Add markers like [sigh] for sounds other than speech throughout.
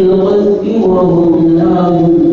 بالقذف وهم لا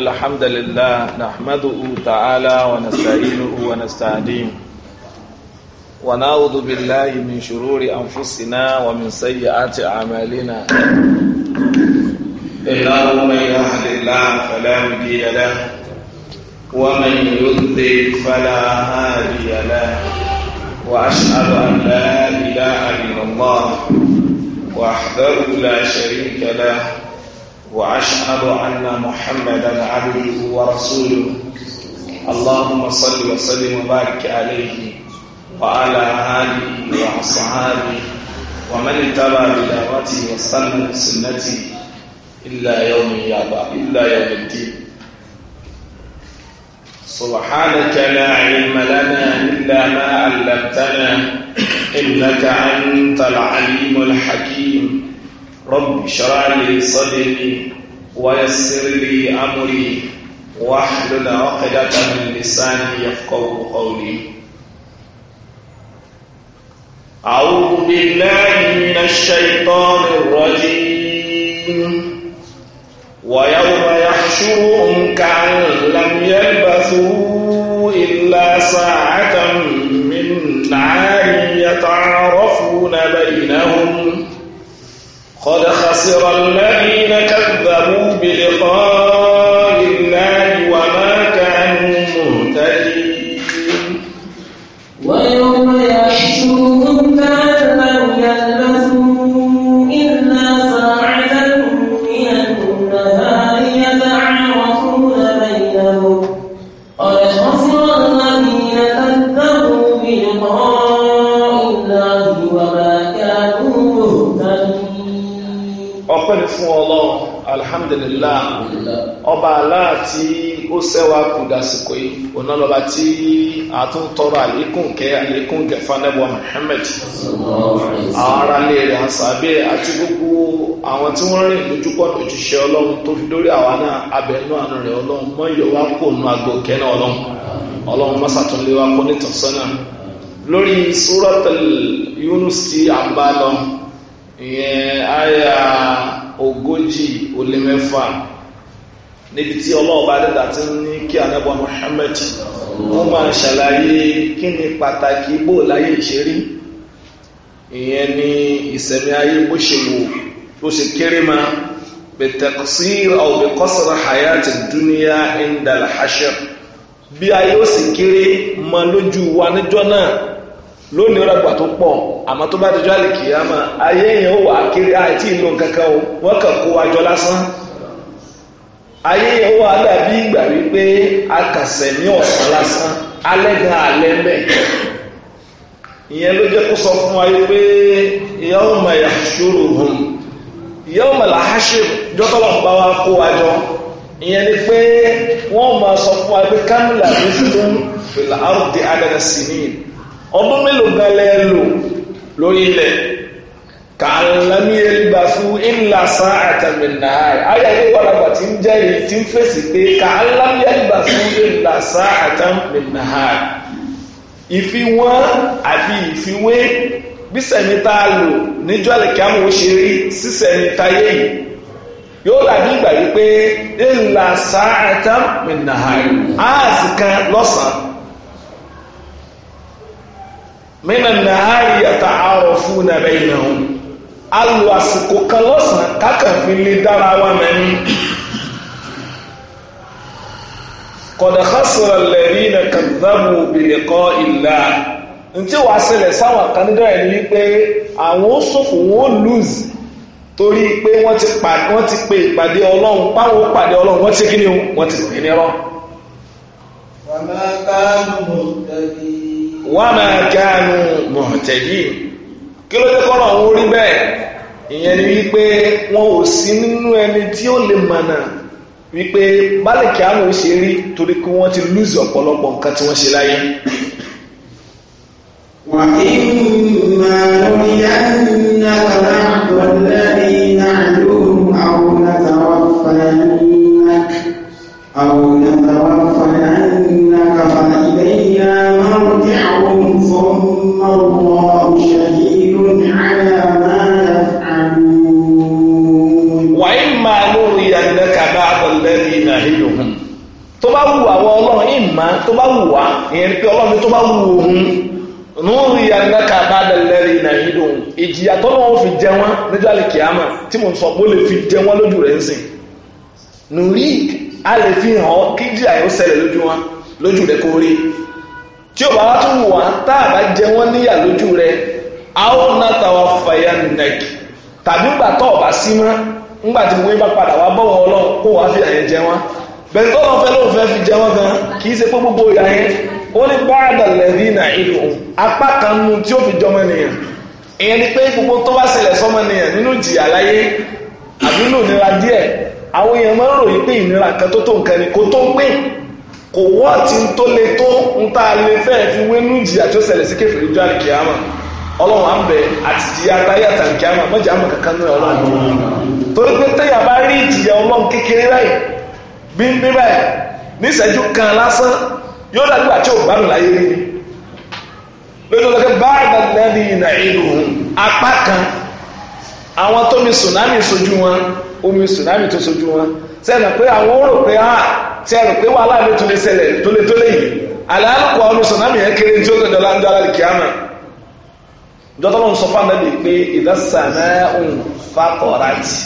الحمد لله نحمده تعالى ونستعينه ونستهديه ونعوذ بالله من شرور أنفسنا ومن سيئات أعمالنا إنه من يهد الله فلا مضي له ومن يضلل فلا هادي له وأشهد أن لا إله إلا الله وأحذره لا شريك له وأشهد أن محمدا عبده ورسوله اللهم صل وسلم وبارك عليه وعلى آله وأصحابه ومن اتبع بدعوته واستنى بسنته إلا يوم يابا إلا يوم الدين سبحانك لا علم لنا إلا ما علمتنا إنك أنت العليم الحكيم رب اشرح لي صدري ويسر لي امري واحلل عقدة من لساني يفقهوا قولي أعوذ بالله من الشيطان الرجيم ويوم يحشرهم كأن لم يلبثوا إلا ساعة من نار يتعارفون بينهم قد خسر الذين كذبوا بلقاء alhamdulillah ọba aláà tí ó sẹ́wà kù dàsìkò yìí ọ̀nà lọ́ba tí a tún tọrọ àlékún kẹ́ àlékún kẹ́ fanẹ́bọ̀ Muhammad àwọn ará ilé rẹ̀ àṣàbẹ̀ àti gbogbo àwọn tí wọ́n rìn lójú pọ̀ lójúṣẹ́ ọlọ́run tó fi dórí àwa náà abẹ́nú àánú rẹ̀ ọlọ́run mọ́ wá kó nu àgbo kẹ́nà ọlọ́run ọlọ́run mọ́sàtúnlé wa kó nítọ̀sọ́nà lórí suratul Yunus tí ìyẹn àyà ogójì ó lé mẹ́fà níbi tí ọlọ́ọ̀bá dẹ́dà ti ń ní kí anábọ̀ Muhammad wọ́n máa ń ṣàlàyé kí ni pàtàkì bó láyé ìṣerí ìyẹn ni ìsẹ̀mí ayé bó ṣe wò bó ṣe kéré máa bẹ̀tẹ̀kọ́sír aw bẹ̀kọ́sọ̀rọ̀ hayati dúníyà indal hashir bí ayé ó sì kéré máa lójú wa níjọ́ náà lónìí rẹ̀gbà tó pọ̀ àmọ́ tó bá dẹjọ́ àlìkìyàmà ayé èèyàn wà kiri àìtí ìlú nǹkankan o wọ́n kàn kó lásán ayé èèyàn wà dàbí ìgbà wípé a kàsẹ̀ ní ọ̀sán lásán alẹ́ gan alẹ́ mẹ́ ìyẹn ló jẹ́ kó sọ fún wa pé wa kó ìyẹn ni pé wọ́n sọ fún wa pé kámìlà ló fi ọdún mélòó gan lẹ lò lórí ilẹ̀ kàlámì elibàfú ìlàsá àtàmìnà ayé ayé wàlàgbà tí ń jẹ́ èyí tí ń fèsì pé kàlámì elibàfú ìlàsá àtàmìnà ìfiwọ́n àti ìfiwé bí sẹ̀mí tá a lò níjọ́ àlèkí àmọ́ ó ṣe rí sísẹ̀mí táyé yìí yóò dàbí ìgbà ààsì kan lọ́sàn-án. mínà na ha fún nàbẹ́ ìnáwó alò àsìkò kan lọ́sàn-án kákàfin lè dára wa mẹ́ni. kọ̀dà xasọ̀rọ̀ lẹ́rí na kàdábù bìlẹ̀kọ́ ìlà ntí wàá ṣẹlẹ̀ sáwọn ní pé àwọn sọ̀fù wọn lùzì torí pé wọ́n ti pe wọ́n ti kí ni wọ́n ti pè wàmẹ́ ká mú tẹ̀lé. wọ́n máa kánu mọ̀tẹ̀lì kí ló jẹ́ kọ́nà òun rí bẹ́ẹ̀ ìyẹn ni wípé wọn ò sí nínú ẹni tí ó lè mọ̀nà wípé bálẹ̀kì àwọn ò ṣe rí torí pé wọ́n ti lùzì ọ̀pọ̀lọpọ̀ nǹkan tí wọ́n ṣe láyé. wà á ìmọ̀ lórí àná àbọ̀lẹ́rì náà lóhùn àwọn àtàwọn fàánà àwọn àtàwọn. Wa شهيد على ya يفعلون وإما نرينك بعض الذي نعدهم tó tó bá tó bá na lójú rẹ̀ tí ó bá wá tún wà tá a bá jẹ wọ́n níyà lójú rẹ̀ a ó ná tàwa fàyà tàbí ńgbà tó sí mọ́ ńgbà tí bá padà wá bọ́ wọn ọlọ́run kó fi tó fẹ́ fẹ́ fi jẹ gan kì í ṣe pé gbogbo ìyá yẹn ó ní nà ìlú apá kan nu tí fi jọmọ nìyẹn ìyẹn ni pé gbogbo tó bá ṣẹlẹ̀ sọmọ nìyẹn nínú kò wọ́ọ̀tì tó le tó ń tá a lè fẹ́ fi wénú ìjìyà tó ṣẹlẹ̀ sí kẹfìrí ojú àlìkìyàmà ọlọ́run à ń bẹ àti ìjìyà táyà tàǹkìyàmà mọ́jà àmọ̀ kankan náà ọlọ́run torí pé táyà bá rí ìjìyà ọlọ́run kékeré báyìí bí ń bí báyìí níṣẹ́jú kan lásán yóò dájú àti ògbàmù láyé rí lójú ọlọ́kẹ́ báàgbà lẹ́ni ìnà ìlú apá kan àwọn tó mi tsunami sojú wọn omi tsunami tó sojú wọn sẹ́nu pé àwọn ó rò pé á ah, sẹ́nu pé wàhálà mi tún lè ṣẹlẹ̀ tólétólé yìí àlàálùkọ ọdún sọ̀nàmì yẹn kéré tí ó lè dọ̀lá ń dọ̀lá kì á mọ̀ dọ́tọ́lọ́ ń sọ fún ànábì pé ìdásánà ń fatọ̀rátì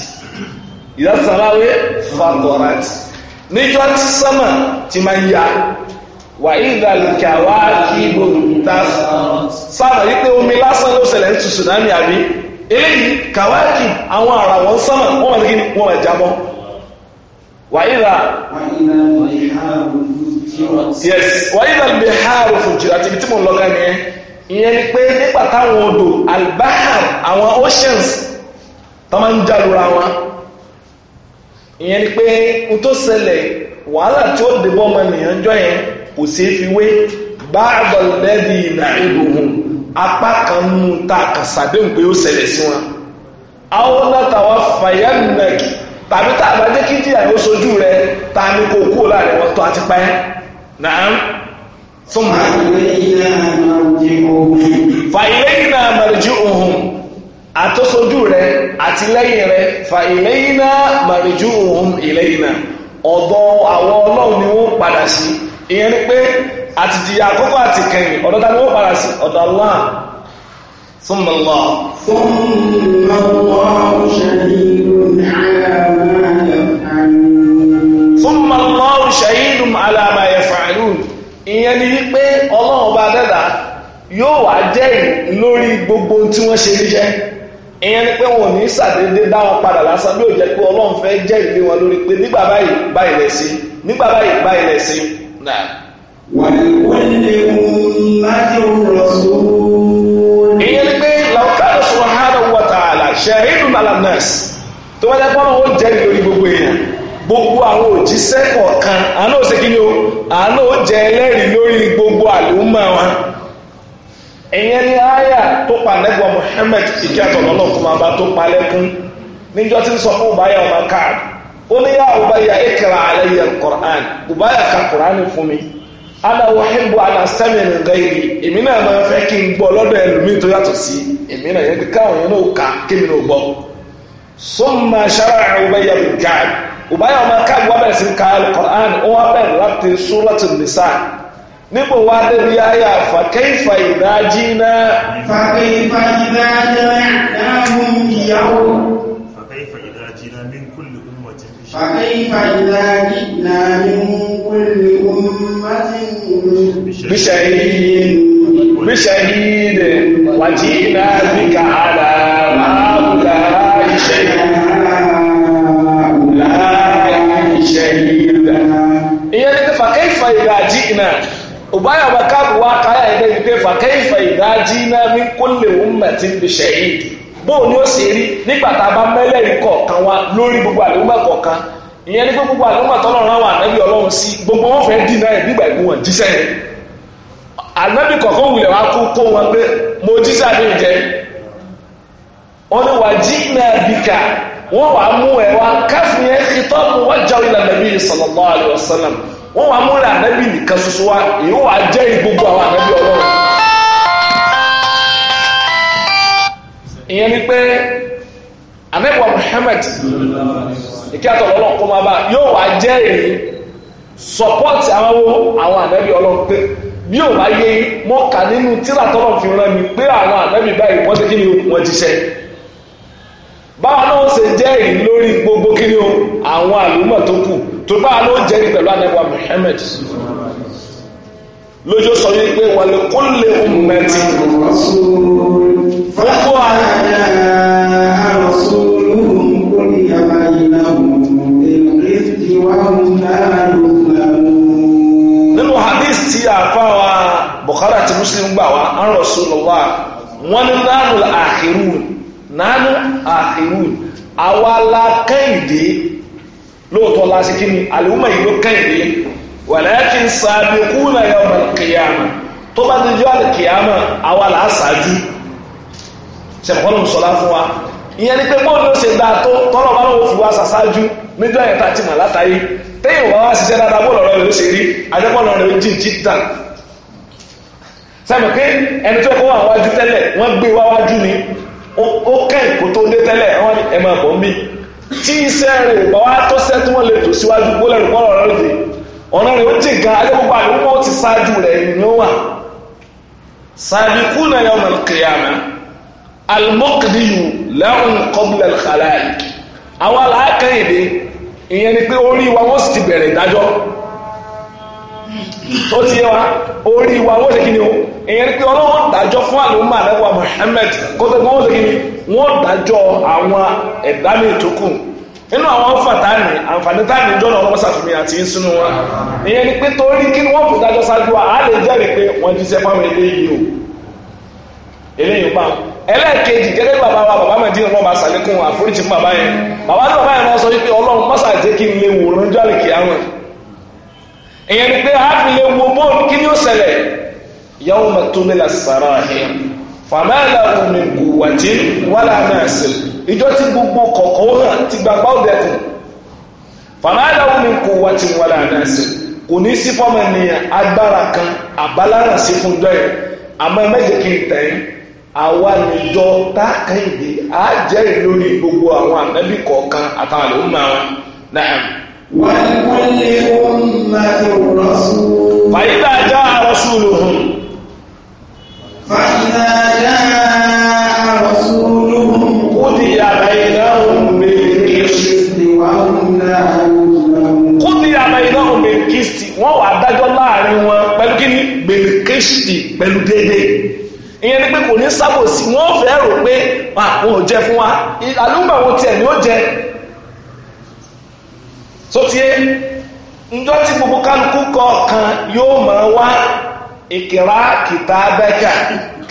ìdásánà wé fatọ̀rátì níjọ́ tí sọ́mà ti máa ń ya wà ìdàlùkà wá kí gbòmùtà sáàmà wípé omi lásán ló ṣẹlẹ̀ ń tu tsunami àbí eléyìí kàwáàkì àwọn àràwọ̀ sọ́mà wọ́n wà ní kí wọ́n wà jábọ́ وإذا yes البحار فجرت ha tí mo ń lọ gan ni ìyẹn ni pé nígbà táwọn oceans tó máa n tó ṣẹlẹ̀ wàhálà tí ó dìbọn ọmọ ènìyàn jọ yẹn kò sí fi wé báàbọ̀ lẹ́bi ìnáìdòhùn a kà sàdéhùn pé ó ṣẹlẹ̀ sí wọn. tàbí tàbí jẹ́ kí díẹ̀ sojú rẹ ta kò kúrò láàrin wọn tó àti pẹ́ náà fún ma fa fa ọlọ́run padà sí ìyẹn ni pé àkọ́kọ́ àti kẹyìn ọ̀dọ̀ ni wọ́n padà ثم الله ثم الله شهيد على ما يفعلون ثم الله شهيد على ما يفعلون ìyẹn ni wípé ọlọ́run bá dẹ́dà yóò wá jẹ́rìí lórí gbogbo tí wọ́n ṣe níṣẹ́ ìyẹn ni pé wọn ò ní ṣàdédé dá wọn padà lásán bí ó jẹ́ pé ọlọ́run fẹ́ jẹ́rìí lé wọn lórí pé nígbà báyìí báyìí lẹ̀ sí nígbà báyìí báyìí lẹ̀ sí. wàlúwẹ̀lẹ̀ ń májò rọ̀ sóò. promise tó wájá pọ́n ó gbogbo èèyàn gbogbo àwọn òjíṣẹ́ kọ̀ọ̀kan àánú kí ni o àánú ó jẹ́ gbogbo àlùmọ́ wọn ẹ̀yẹn ni àyà tó pa nẹ́gbọ̀n Muhammad kìkì àtọ̀lọ́lọ́ fún abá tó pa lẹ́kún níjọ́ tí ń sọ fún káàdì ó ní ka fún mi ana ana n sọ́mà ṣára àwòbáyà káàb òbáyà ọmọ káàb wà bẹ̀rẹ̀ sí ká alukoran wọn bẹ̀rẹ̀ láti sóràtì nìsá níbo wá débi ayé àfà kẹfà ìdájí náà. fàkẹ́fà ìdájí náà mú ìyàwó. fàkẹ́fà ìdájí náà mí kúlù ọmọ tí. fàkẹ́fà ìdájí náà mí kúlù ọmọ tí. bíṣàhídì bíṣàhídì wàjí náà bí ká àlà ìyẹn ní fa kaifa idha ji'na ubaya bakabu wa kaya ẹ̀dẹ́ yìí pé fa mi idha ji'na min kulli ummatin bi shahid bóun ni ó sì rí nígbà tá a bá mẹ́lẹ́rìí kọ̀ọ̀kan wa lórí gbogbo àlùmọ̀ kọ̀ọ̀kan ìyẹn ní pé gbogbo àlùmọ̀ tọ́lọ́run wà nẹ́bí ọlọ́run sí gbogbo wọn fẹ́ dínà ẹ̀ nígbà ìgbó wọn jíṣẹ́ yẹn ànábì kọ̀ọ̀kan wulẹ̀ wá kó wọn pé mo jíṣẹ́ àdéhùn jẹ́ wọ́n ní wà jí náà bìkà wọ́n wà mú ẹ̀ wá káfíń ẹ̀ ṣètò ọ̀pọ̀ wọ́n jáwé ìlànà nàbí sallallahu alaihi wasallam wọ́n wà mú ẹ̀ ànábì nìkan ṣoṣo wa èyí wà jẹ́ ìgbogbo àwọn ànábì ọlọ́run. ìyẹn ni pé ànábì wa Muhammad ìkí àtọ̀lọ́ ọlọ́run kó máa bá yóò wà jẹ́ èyí sọpọ́ọ̀tì àwọn àwọn ànábì ọlọ́run pé bí ò bá yé mọ́ka nínú tíra fi rán mi pé àwọn ànábì báyìí wọ́n ti kí ni wọ́n ti ṣe báwa náà ṣe jẹ́rìí lórí gbogbo kíni o àwọn àlùmọ̀ tó kù tó báwa náà jẹ́rìí pẹ̀lú anẹ́wà Muhammad lójó sọ wípé wàlẹ̀ kó lè mẹ́tì gbogbo nínú hadith tí àfáwà Bukhari àti Muslim gbà wá an Rasulullah wọn ni nánú àkírùn nánú àkìrún àwa la kẹ́hìndé lóòótọ́ la sí kí ni àlùmọ̀ yìí ló kẹ́hìndé walakin sabiquna yawmal qiyamah tó bá ti jọ́ àlùkìyàmà àwa là á ṣáájú ṣẹ̀kọ́nù sọ̀lá fún wa ìyẹn ni pé bọ́ọ̀lù ó ṣe dá tó tọ́lọ̀ bá lọ́wọ́ fi wá ṣàṣáájú níjọ́ ẹ̀ta tí mà látàyé téèyàn wá wá ṣiṣẹ́ pé ẹni tó kọ́ wà wájú tẹ́lẹ̀ wọ́n gbé wá wájú ni ó kẹ́yìn kó tó dé tẹ́lẹ̀ wọ́n ní ẹ máa ń bí tí iṣẹ́ rẹ̀ bá wá tó ṣẹ́ tí wọ́n lè tò síwájú gbólẹ̀rù pọ́nrọ̀ ọ̀rọ̀ rẹ̀ ọ̀nà rẹ̀ ó jì gan adébúgbà ni wọ́n ti ṣáájú rẹ̀ ni ó wà. sàbíkúnà yawm al-qiyama al-muqdiyu lahum qabla al-khalaiq àwọn làákẹ́yìn ìyẹn ni pé orí wa wọ́n sì ti bẹ̀rẹ̀ ìdájọ́ ó ti yẹ wa orí wa wọ́n ṣe kí ni o ìyẹn pé ọlọ́wọ́n dájọ́ fún àlùmọ́ àlẹ́wà Muhammad kótó pé wọ́n ṣe kí ni wọ́n dájọ́ àwọn ẹ̀dá mi tó kù nínú àwọn fàtà ní àǹfààní táàmì ìjọba ọlọ́wọ́ sàfihàn àti ìsúnú wa ìyẹn ni pé torí kí wọ́n fi dájọ́ ṣáájú wa á lè jẹ́rìí pé wọ́n jíṣẹ́ fáwọn eléyìí o eléyìí pa ẹlẹ́ẹ̀kejì gẹ́gẹ́ bàbá wa bàbá mẹ́dínà náà bá sàlékún àforíjì fún bàbá yẹn bàbá náà báyìí náà sọ wípé ọlọ́run mọ́sàdé kí n lè wòrán jálè kí á wọn èyàn ni pé a fi lè wo bóòlù kí ni ó ṣẹlẹ̀ yàwó ma tó la sara ẹ̀ fàmáàlà omi gùwàjì wàlà náà sí ìjọ tí gbogbo kọ̀ọ̀kan hàn ti gbàgbá ọ̀dẹ̀kùn fàmáàlà omi gùwàjì wàlà náà sí kò ní sí fọ́mọ ènìyàn agbára kan àbálára sí fún jọ́ ẹ̀ àmọ́ mẹ́jẹ̀ kì í tẹ̀ ẹ́ àwa tá a kàn yìí á gbogbo àwọn kọ̀ọ̀kan àtàwọn ولكل أمة رسول فإذا جاء رسولهم فإذا جاء رسولهم قضي بينهم بالقسط وهم لا يظلمون قضي بينهم بالقسط wọ́n wà dájọ́ láàrin wọn pẹ̀lú kíni بالقسط pẹ̀lú déédéé ìyẹn ni pé kò ní sábòsí wọ́n fẹ́ rò pé àwọn jẹ fún wa àlùmọ̀ wo tiẹ̀ ni ó jẹ tó ti é njọ́ tí gbogbo kálukú kọ̀ọ̀kan yóò máa wá ìkìrá kìtàbẹ́kà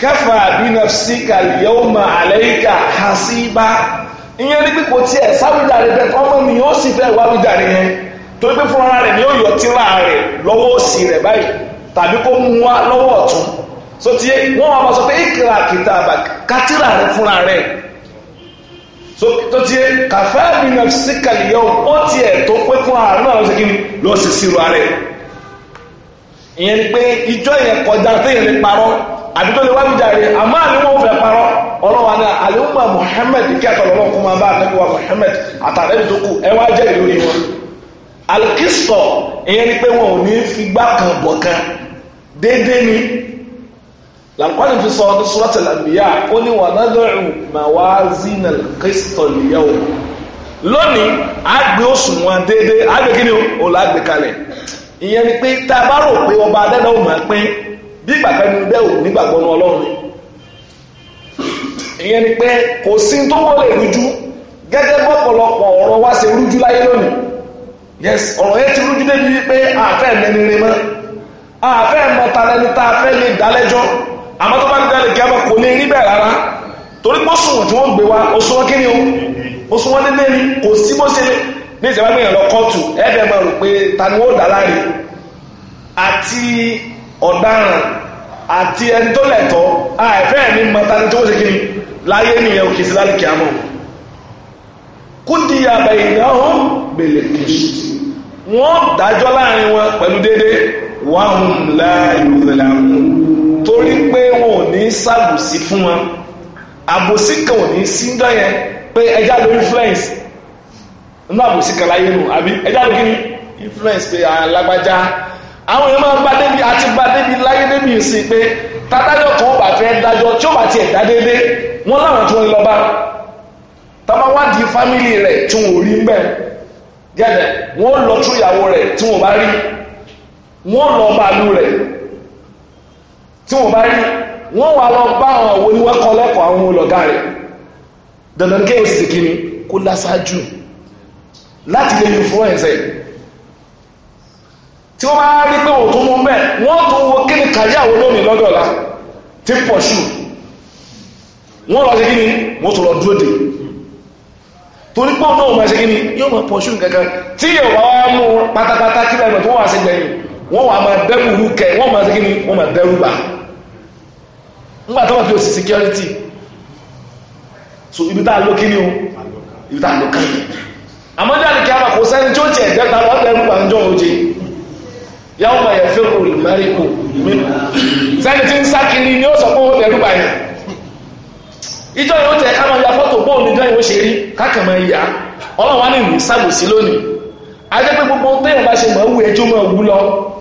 kẹfà bínafsíkà yóò máa àlẹ́yìká hasíbá ìyẹn ní pípò tí ẹ̀ sáwùjáre bẹ́ẹ̀ ọmọ mi yóò sì fẹ́ wá yẹn torí pé fúnra ni ó yọ tíra rẹ̀ lọ́wọ́ òsì rẹ̀ báyìí tàbí kó mú wá lọ́wọ́ sọ pé fúnra tó ti kàfẹ́ àbínà síkàlì yọ ó ti ẹ̀ tó pé fún àárọ̀ àwọn ṣe kí ni lọ sí sírò ààrẹ ìyẹn ni pé ìjọ yẹn kọjá téèyàn lè parọ́ àbí tó lè wá bíjà rẹ àmọ́ àní wọn fẹ́ parọ́ ọlọ́wà náà àlẹ́wùmá Muhammad kí àtọ̀lọ́ náà kó máa bá àtẹ́wà Muhammad àtàlẹ́bí tó kù ẹ wá jẹ́ ìlú yìí wọn alikisọ ìyẹn ni pé wọn ò ní fi gbá kan bọ̀ kan déédéé ni lànkwani fi sọ ní sọ́tà lànbíyà ó ní wà nádọ́rù màwázínà kristọlìyàwó lónìí àgbé òṣùwọ̀n déédéé àgbé kí ni ó là gbé kalẹ̀ ìyẹn ni pé tá a bá rò pé ọba adẹ́dá ò máa pín bí ìgbàgbọ́ ni bẹ́ẹ̀ ò nígbàgbọ́ ní ọlọ́run ni ìyẹn ni pé kò sí tó wọlé rújú gẹ́gẹ́ bọ́pọ̀lọpọ̀ ọ̀rọ̀ wá ṣe rújú láyé lónìí yes ọ̀rọ̀ yẹn ti rújú débi wípé àfẹ́ mẹ́rin rẹ mọ́ àfẹ́ mọ́ta lẹ́ni tá a fẹ́ lè dálẹ́jọ́ àmọ́ tó bá ń dalẹ̀ kí a bá kò ní rí bẹ́ẹ̀ rárá torí pé tí wọ́n gbé wa òṣùwọ̀n kí ni o òṣùwọ̀n nílé ni kò sí bó ṣe ní ìṣẹ́wá gbìyànjú lọ kóòtù ẹ̀ẹ́dẹ̀ máa rò pé ta ni ó dà láre àti ọ̀daràn àti ẹni tó lẹ̀tọ́ àìfẹ́ ẹ̀mí mọ ta ni tó ṣe kí ni láyé nìyẹn òkè sí lálẹ́ kí a mọ̀ kúndìyà bẹ̀yìn náà torí pé wọn ò ní sàbòsí fún wọn àbòsí kan ò ní sí ń dán pé ẹja ló influence nínú àbòsí kan láyé nù àbí ẹja ló kí influence pé alágbájá àwọn èèyàn máa ń bá débi àti bá débi láyé débi ìsìn pé tádájọ́ kan ó bá fẹ́ dájọ́ tí ó bá tiẹ̀ dá déédéé wọ́n láwọn tó ń lọ bá tọ́ba wá di fámìlì rẹ̀ tí wọn ò rí mbẹ́ gẹ́gẹ́ wọ́n lọ tún ìyàwó rẹ̀ tí wọn bá rí wọ́n lọ bàálù rẹ̀ tí wọ́n bá rí wọ́n wà lọ bá àwọn àwọn oníwẹ́kọ́ lẹ́kọ̀ọ́ àwọn olọ̀gá rẹ̀ dandan kí o sì kíni kó lásáájú láti lè influence ẹ̀ tí wọ́n bá rí pé òtún mú mẹ́ wọ́n tó wo kí ni kàrí àwọn olómi lọ́dọ̀ọ̀la tí pọ̀ ṣù wọ́n lọ sí kíni wọ́n tó lọ dúró dè torí pé ọ̀nà òun máa ṣe kíni yóò máa pọ̀ ṣù kankan tí yóò wá wá mú pátápátá kí lẹ́nu tó wà sí gbẹ̀yìn wọ́n wà máa dẹ́kun rú kẹ wọ́n máa ṣe kíni wọ́n máa dẹ́rù bá ńgbà tó wọ́n fi òsì security so ibi tá a ló kí ni o ibi tá a ló kí ni àmọ́ ní àdìkí àmà kò sẹ́ni tí ó tiẹ̀ dẹ́ta wọ́n bẹ̀rù gbà ń jọ òjì yàwó ma yẹ fẹ́ òrì mẹ́rìkò sẹ́ni tí ń sá kiri ni ó sọ pé ó bẹ̀rù gbà yẹn ìjọ yóò tẹ ká máa ya fọ́tò bóòlù ìjọ yóò ṣe rí káàkà máa ya ní ìlú lónìí ajẹ́ gbogbo téèyàn bá ṣe máa wú ẹjọ́ máa wú lọ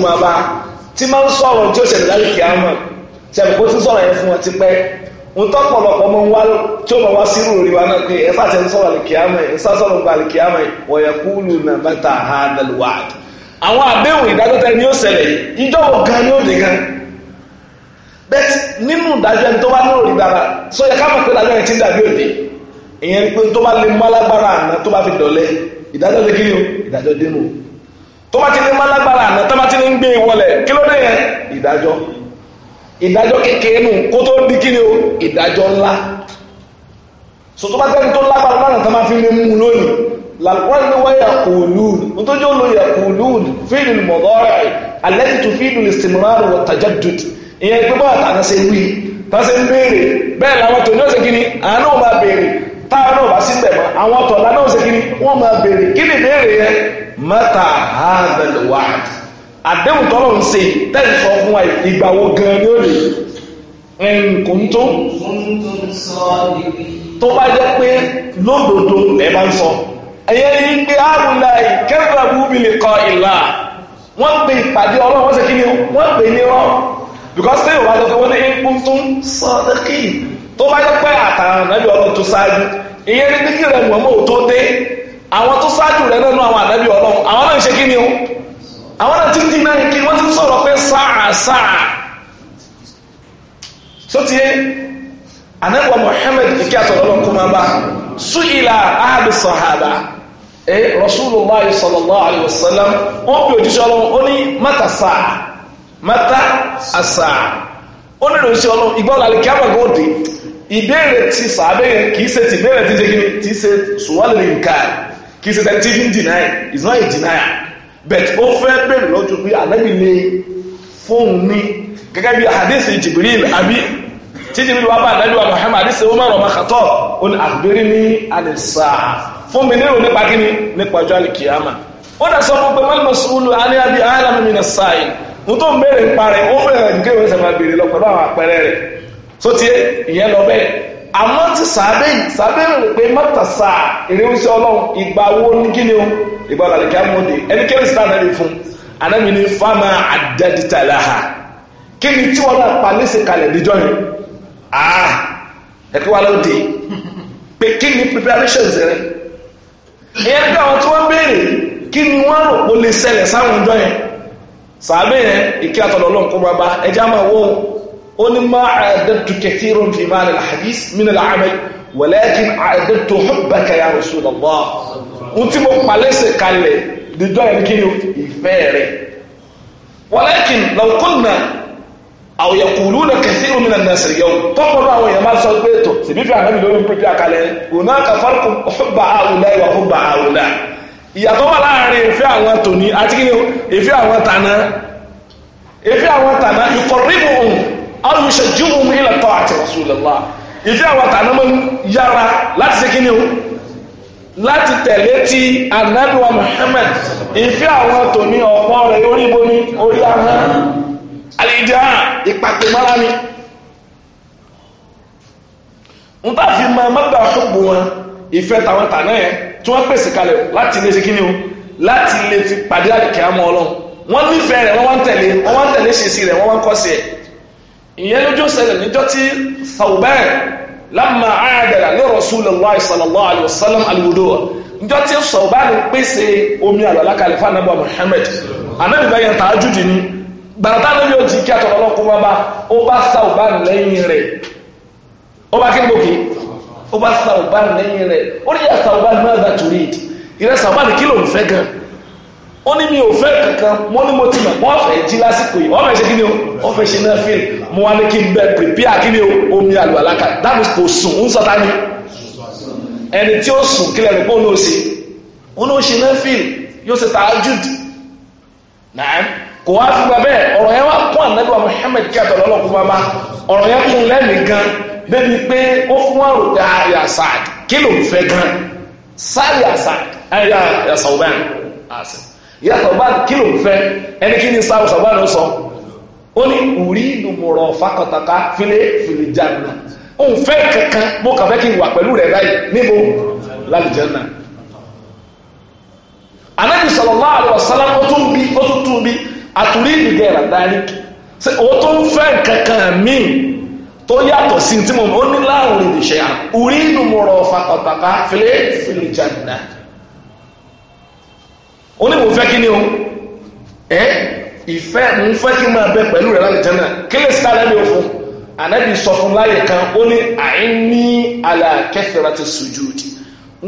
máa bá tí máa ń sọ̀rọ̀ tí ó ṣẹlẹ̀ láyé kí á mọ̀ ṣẹlẹ̀ kó tí sọ̀rọ̀ yẹn fún wọn ti pẹ́ ń tọ́pọ̀lọpọ̀ mọ́ ń wá tí ó máa wá wa náà pé ẹ fà ń sọ̀rọ̀ kí á mọ̀ ẹ sọ̀rọ̀ gba kí á mọ̀ nà ha àwọn àbẹ̀wò ìdájọ́tẹ́ ni ó ṣẹlẹ̀ ìjọba gan ni ó tó bá ti ní má lágbára àná tó bá ti ní ń gbé ìwọlẹ̀ e kí ló dé yẹn ìdájọ́ ìdájọ́ kékeré nù kó tó di kí ni o ìdájọ́ ńlá sọtọ́ bá tẹ́ni tó lágbára lánà tó máa fi lè mú lónìí làlùkọ́rẹ́ ni wọ́n yàkùlùn nítorí ó lo yàkùlùn fíìlù mọ̀dọ́rẹ̀ alẹ́tì tó fíìlù ìsìnmọ́ràn wọ̀ tajaddud ìyẹn gbogbo àtàná ṣe wí tán ṣe ń béèrè bẹ́ẹ̀ làwọn tòun yóò ṣe kí ni àánú máa béèrè táwọn náà bá sí bẹ̀ mọ́ àwọn tọ̀lá náà ṣe kí ni wọ́n máa béèrè kí ni béèrè yẹn mẹ́ta hazel wad àdéhùn tọ́lọ̀ ń ṣe tẹ́lẹ̀ sọ fún wa ìgbà wo gan ni ó lè nǹkan tó tó bá jẹ́ pé lódodo ẹ bá ń sọ ẹ̀yẹ ní pé àrùnlá ìkẹ́rẹ́ búbi lè kọ ìlà wọ́n pe ìpàdé ọlọ́run wọ́n ṣe kí ni wọ́n pe ní rán because tí yorùbá lọ́kọ̀ wọ́n ní nǹkan tó ń sọ lẹ́kì tó bá jẹ́ pé àtàrà náà yọ ọlọ́run tó ṣáájú ìyẹn ní kí rẹ̀ wọ́n mọ́ àwọn tó ṣáájú rẹ̀ náà nú àwọn ànábì ọlọ́run àwọn náà ń ṣe kí ni o àwọn náà ti ń dín náà kí wọ́n ti ń sọ̀rọ̀ pé sáà sáà sóti yé anabi Muhammad kìkì àtọ̀lọ́lọ́ kó máa bá sú ìlà ahadu sahaba ẹ Rasulullah sallallahu alayhi wa sallam wọ́n bí òjíṣẹ́ ọlọ́run ó ní mata sáà mata asáà ó ní òjíṣẹ́ ọlọ́run ìgbọ́lá lè kí ìbéèrè ti sàábẹ́ yẹn kì ṣe ti ìbéèrè ti ṣe kí ni ti ṣe sùwálì nìkan kì í ṣe sẹ́ni tí fi ń deny it's not a denier but ó fẹ́ bẹ̀rù lọ́jọ́ pé ànábì lè fóun ní gẹ́gẹ́ bí àdéhùn Jibril àbí tí Jibril wà bá ànábì wa Muhammad àdéhùn Umar ọmọ Khattab ó ní àgbérí ní àdìsá fún mi nírò nípa kíni nípa ọjọ́ àlìkìyàmà ó dà sọ fún pé mal mas'ulu anha bi a'lamu min as-sa'il mo tó ń béèrè ń parẹ́ ó fẹ́ràn nígbà ìwé sẹ́mi lọ pẹ̀lú àwọn àpẹẹrẹ rẹ̀ sótìẹ́ ìyẹn lọ bẹ́ẹ̀ àwọn ti sàbẹ̀ sàbẹ̀ rẹ̀ pé mọ́tàsá ìrìnsẹ̀ ọlọ́run ìgbà wo ní kíni o ìgbà wo àlèkè àmọ́dé ẹni kí ẹ̀sìn náà lè fún anábì ní fáma àdẹ́dìtà láha kí ni tí wọ́n náà pa lẹ́sẹ̀ kalẹ̀ níjọ́ yẹn ah ẹ̀kọ́ wa ló dé pé kí ni preparations rẹ̀ ìyẹn bí àwọn tí wọ́n béèrè kí ni wọ́n rò pé ó lè ṣẹlẹ̀ sáwọn ọjọ́ yẹn sàbẹ̀ yẹn ìkí àtọ̀lọ́lọ́ ó ní má àdẹ́tù kẹtìrún fi máa lè hadis mínà láàmẹ́ walakin àdẹ́tù hubbaka ya Rasulullah ń tí mo palẹ́sẹ̀ kalẹ̀ dídọ́ ẹ̀ kí ni ìfẹ́ rẹ̀ walakin law kunna aw yaquluna kathiru min an-nas al-yawm tọ́pọ̀lọ́ àwọn èèyàn máa sọ pé tó síbífẹ́ àmẹ́bí lórí pípẹ́ àkàlẹ̀ hunaka farqun hubba ha'ula'i wa hubba ìfẹ́ àwọn tàná ìfẹ́ àwọn aw yushajjuhum ila ta'ati rasulillah ìfẹ́ àwọn àtàná máa ń yára láti ṣe kíni o láti tẹ̀lé ti anabiwa muhammed ìfẹ́ àwọn tòní ọ̀pọ̀ rẹ̀ orí bomi orí ahọ́n àlejò ìpàtẹ mọ́ra ni n bá fi máa má gbà ṣùgbọ́n wọn ìfẹ́ tàwọn tàná yẹn tí wọ́n pèsè kalẹ̀ láti lè ṣe kíni o láti lè fi pàdé àdìkẹ́ àmọ́ ọlọ́run wọ́n nífẹ̀ẹ́ rẹ̀ wọ́n wá ń tẹ̀lé wọ́n wá ń tẹ̀lé ṣèṣì rẹ̀ wọ́n wá ń kọ́ sí ẹ̀ ìyẹn lójú ṣẹlẹ̀ níjọ́ tí Thawban lamma àádẹ́rà ní Rasulullahi sallallahu alaihi wasallam alwudu níjọ́ tí Thawban pèsè omi àlọ́lá kalifa anábọ̀ Muhammad anábì bá yẹn tààjú dì ní gbàrátà lórí òjì kí àtọ̀rọ̀ ọlọ́kùn bá bá ó bá Thawban lẹ́yìn rẹ̀ ó bá kí gbòkè ó bá Thawban lẹ́yìn rẹ̀ ó ní kí ló ń fẹ́ gan wọ́n ní mi ò fẹ́ kankan wọ́n ní mo ti mọ̀ wọ́n fẹ́ jí lásìkò yìí fẹ́ ṣe kí ni o fẹ́ ṣe náà wá ní kí n kí ni o omi àlùbàlà kò sùn ń sọ tani ẹni tí ó sùn kílẹ̀ ṣe ṣe náà yóò ṣe náà kò wá fún ọ̀rọ̀ yẹn kún kí ọ̀rọ̀ yẹn kún lẹ́mìí gan pé ó fún ah, kí ló ń fẹ́ gan ìyá sọ̀bán kí ló ń fẹ́ ẹni kí ni sáwọ́ sọ̀bán ló sọ ó ní ìwúrí ìlúmọ̀rọ̀ fakọ̀tàkà fílé fìlì jàǹdà ó ń fẹ́ kankan mo kàn fẹ́ kí n wà pẹ̀lú rẹ̀ báyìí níbo lálùjánnà anabi sallallahu alaihi wasallam ó tún bí ó tún tún bí àtúrí ìdíje rà dárí ṣe ó tún fẹ́ kankan míì tó yàtọ̀ sí tí mo ó ní láàrin ìdíṣẹ́ àrùn ìrìnnùmọ̀rọ̀ fakọ̀tàkà fílé fìlì jàǹdà oníwò fẹ́ kí ni o ẹ́ ìfẹ́ ń fẹ́ kí máa bẹ pẹ̀lú rẹ̀ lálẹ́ jẹ́nà kí lè sí alẹ́ ní o fún ànábì sọ fún láyé kan ó ní àìní alàkẹ́fẹ́ra ti sùjúdì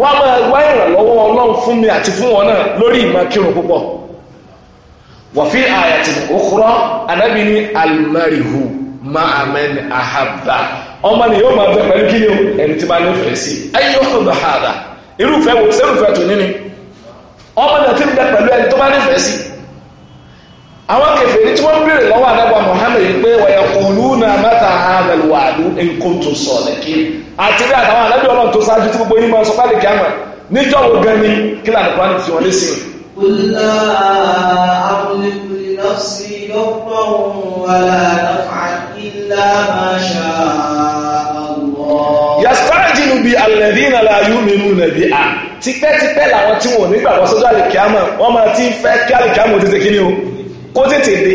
wọ́n máa wá ìrànlọ́wọ́ ọlọ́run fún mi àti fún wọn náà lórí ìmọ̀ kírun púpọ̀ wàfí àyàtì òkúrọ́ ànábì ní alùmárìhù máa àhàbà ọmọ ni yóò máa bẹ pẹ̀lú kí ni o ẹni tí bá ní fẹ́ sí ayé ọkùnrin bàhàdà irúfẹ́ wo sẹ́rùfẹ́ tó ní ni ọmọ náà ti ń bẹ pẹ̀lú ẹni tó bá nífẹ̀ẹ́ sí àwọn kèfèrí tí wọ́n béèrè lọ́wọ́ àdàgbà Muhammad pé wọ̀nyẹ kòlù náà mẹ́ta àmàlùwà àdú nǹkan tó sọ lẹ́kì àti bí àtàwọn àdábì ọlọ́run tó ṣáájú tí gbogbo yín máa sọ pálí kíámà níjọ́ wo gan ni kí lànà kan fi wọn lé sí i. kùlá àbúlẹ̀kùn lọ́sí lọ́pọ̀ yastarajinu bi alladhina la yu'minuna biha tipẹ́tipẹ́ làwọn tí wọn ò nígbàgbọ́ sọ́jọ́ àlìkíámà wọ́n máa ti fẹ́ kí àlìkíámà tètè kí ni o kó tètè dé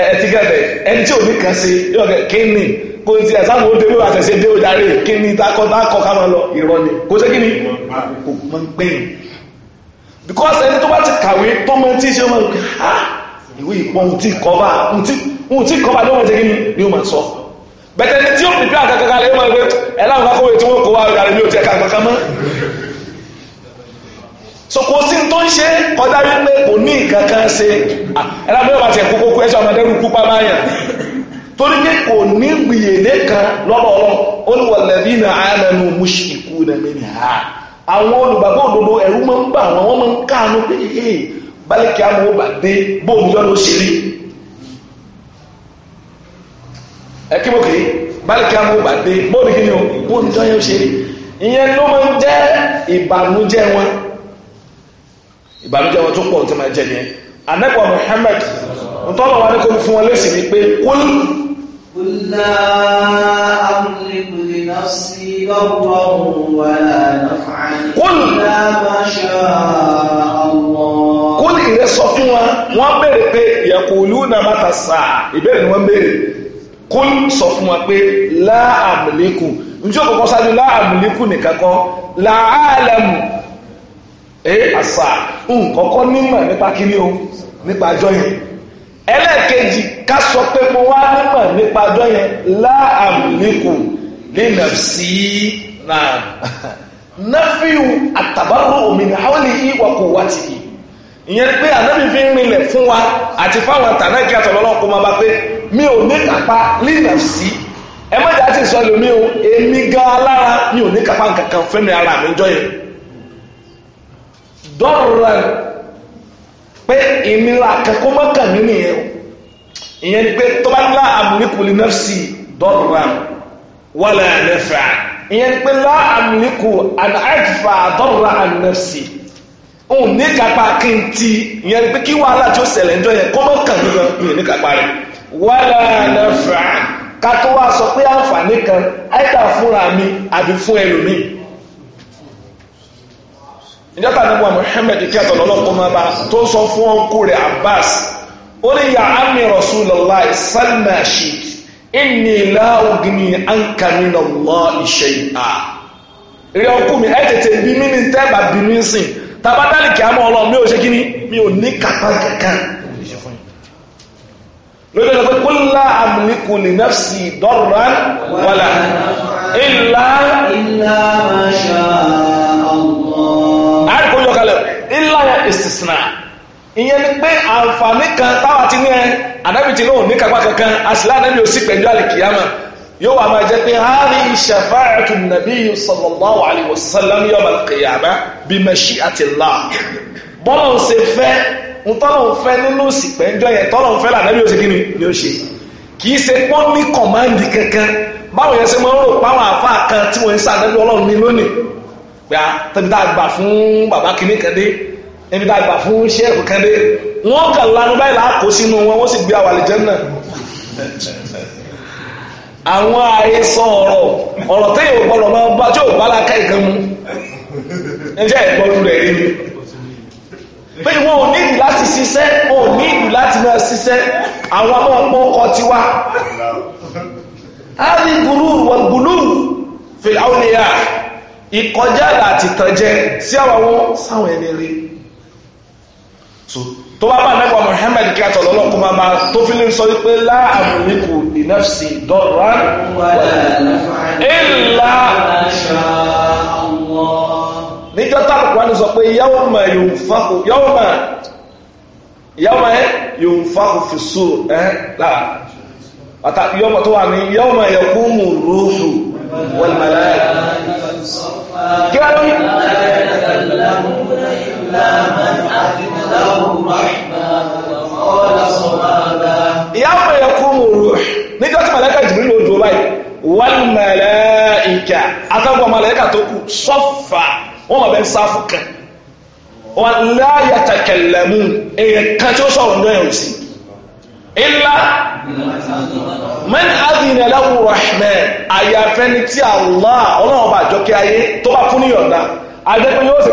ẹ ti gẹ̀bẹ̀ ẹni tí òní kan ṣe yóò kẹ kí ni kó ti ẹ̀sáàmù ó dé lórí àtẹ̀sẹ̀ dé ó darí kí ni takọ takọ ká máa lọ ìrọ̀ ni kó ṣe kí ni kò mọ gbẹ̀yìn because ẹni tó bá ti kàwé tó mọ tí ṣe máa ń ha ah, ìwé ìpọ́n ti kọ́ bá ń ti kọ́ bá ló mọ̀ ṣe kí ni ni ó máa sọ. bẹ̀tẹ̀ ni tí ó pìpì àkàkàkà lè máa gbé ẹ̀ láwọn akọ̀wé tí wọ́n kó wá ọ̀dà rẹ̀ ní òtí ẹ̀ka kankan mọ́. so kò sí tó ń ṣe kọjá wípé kò ní ìkankan ṣe ẹ̀ ah, yóò bá tiẹ̀ kókó kó ẹ̀ṣọ́ àmọ́dẹ́rù kú pa máa torí pé kò ní gbìyànjú kan ó ní ha àwọn olùgbàgbọ́ òdodo ẹ̀rú máa ń wọ́n máa ń káàánú pé kí á mọ̀ ó bà ẹkímọ̀kì báyìí kí a mú bàdé bóòlù kí ni o bóòlù tó yẹn ṣe ìyẹn ló máa ń jẹ́ ìbànújẹ́ wọn ìbànújẹ́ wọn tó pọ̀ tó máa jẹ yẹn anẹ́pọ̀ Muhammad ntọ́lọ̀ wa ní kó fún wọn lẹ́sìn ní pé kúl. kúlá amúlẹ̀kùnrin náà sí lọ́wọ́ wà lánàá. kúl. kúl ìrẹsọ fún wa wọn béèrè pé yẹkùlù náà má ta sáà ìbéèrè ni wọn béèrè. kún sọ fún wa pé láàmìlíkù njẹ́ òkùnkọ́ sáájú láàmìlíkù nìkan kan láàlẹ́mù ee àṣà nkọ́kọ́ nímọ̀ nípa kíní o nípa àjọ yẹn ẹlẹ́ẹ̀kejì ká sọ pé mo wá nímọ̀ nípa àjọ yẹn láàmìlíkù nínà sí náà náfíù àtàbárò òmìnira àwọn lè yí rinlẹ̀ fún wa àti fáwọn bá mi ò ní kápá lìnà sí ẹ má jà sí sọ lómi o èmi gan alára mi ò ní kápá kankan fẹ́mi ara mi jọ yẹn dọ́rọ̀ pé ìnira kankan má kàn mí nìyẹn o ìyẹn ni pé tó bá lá sí dọ́rọ̀ wọlé ẹ̀ lẹ́fẹ̀ẹ́ ìyẹn ni pé lá àmúlíkù àná àìfà dọ́rọ̀ àná sí. òun ní kápá kí n ti ìyẹn pé kí wàhálà tí ó ṣẹlẹ̀ ń jọ yẹn kọ́ mọ́kàn nínú ìyẹn ní kápá rẹ̀ wàhálà náà fà á ká tó wá sọ pé àǹfààní kan àìkà fúnra mi àbí fún ẹlòmíì ní wa kí máa bá tó sọ fún ọkọ Abbas ó ní ya ami Rasulullah salma sheik inni la ugni anka min Allah shay'a ìrẹ́ ọkùnrin ẹ̀ tètè bí mí ní tẹ́ sìn tabadali kìámọ́ ọlọ́run mi ò ṣe kí ni mi ò ní kápá kankan lórí ọ̀sẹ̀ pé kó lá àmìlíkù lè nẹ́fsì dọ́rọ̀rán wàlà ìlà àríkójọ kalẹ̀ ìlà ìsìsìnà ìyẹn ni pé àǹfààní kan táwa ti ní ẹ ànábì ti ní òní kankan àṣìlá ànábì ò sí pẹ̀lú àlìkìyàmọ̀ yóò wà máa jẹ́ pé hàní shafa'atu nàbí sallallahu alayhi wa sallam yawm al-qiyamah bi mashi'atillah bọ́lá ń ṣe fẹ́ ń tọ́lá ń fẹ́ nínú ìsìnkpẹ́ ńjọ yẹn tọ́lá ń fẹ́ là nàbí òsèkí ni ni ó ṣe kì í ṣe pọ́n ní kọ̀mándì kankan báwo yẹn ṣe máa ń rò páwọn àfa kan tí wọ́n ń sá nàbí ọlọ́run ní lónìí gbà tẹ̀mí gbà fún bàbá kìíní kan dé ẹ̀mí gbà fún ṣẹ́ẹ̀kù kan dé wọ́n kà lanu báyìí làákó sínú wọn wọ́n sì gbé àwàlẹ̀ jẹ́ náà àwọn àhesọ ọ̀rọ̀ ọ̀rọ̀ tí yóò gbọ́dọ̀ máa bá tí yóò bá láká ìkan mu ẹjẹ́ ìgbọ́dún rẹ̀ rí ni pé wọn ò nílù láti ṣiṣẹ́ wọn ò nílù láti máa ṣiṣẹ́ àwọn amọ́pọ̀ ọkọ̀ ti wá á rí gúrú wọn gúrú fìlà ó ní yá ìkọjá àti tànjẹ sí àwọn sáwọn ẹni rí so tó bá bá nẹ́gbà Muhammad kí a tọ̀lọ́ lọ́kùn máa máa tó fi lè sọ wípé láàmù ní kò ní nafsi dọ́rọ̀ ìlà níjọ́ tàbùkù wá sọ pé yawma yunfakhu yawma yawma fi sur ẹ́ láà àtàkì tó wà ní yawma yaqumu ruhu wal malaika kí wá lórí. ìyáwó yẹ kó mu rú níjọ́ tí màlẹ́kà Jibril ló dúró báyìí wal malaika àtàwọn màlẹ́kà tó kù sọ́fà wọ́n mọ̀ bẹ́ẹ̀ sáfù tí ó sọ̀rọ̀ ń dọ́yẹ̀ ilá mẹ́tàdínlẹ̀ lẹ́wọ̀ rahman àyàfẹ́ni tí Allah ọlọ́run bá jọ́kẹ́ ayé tó bá fún níyọ̀dá ajẹ́pẹ́ yóò sì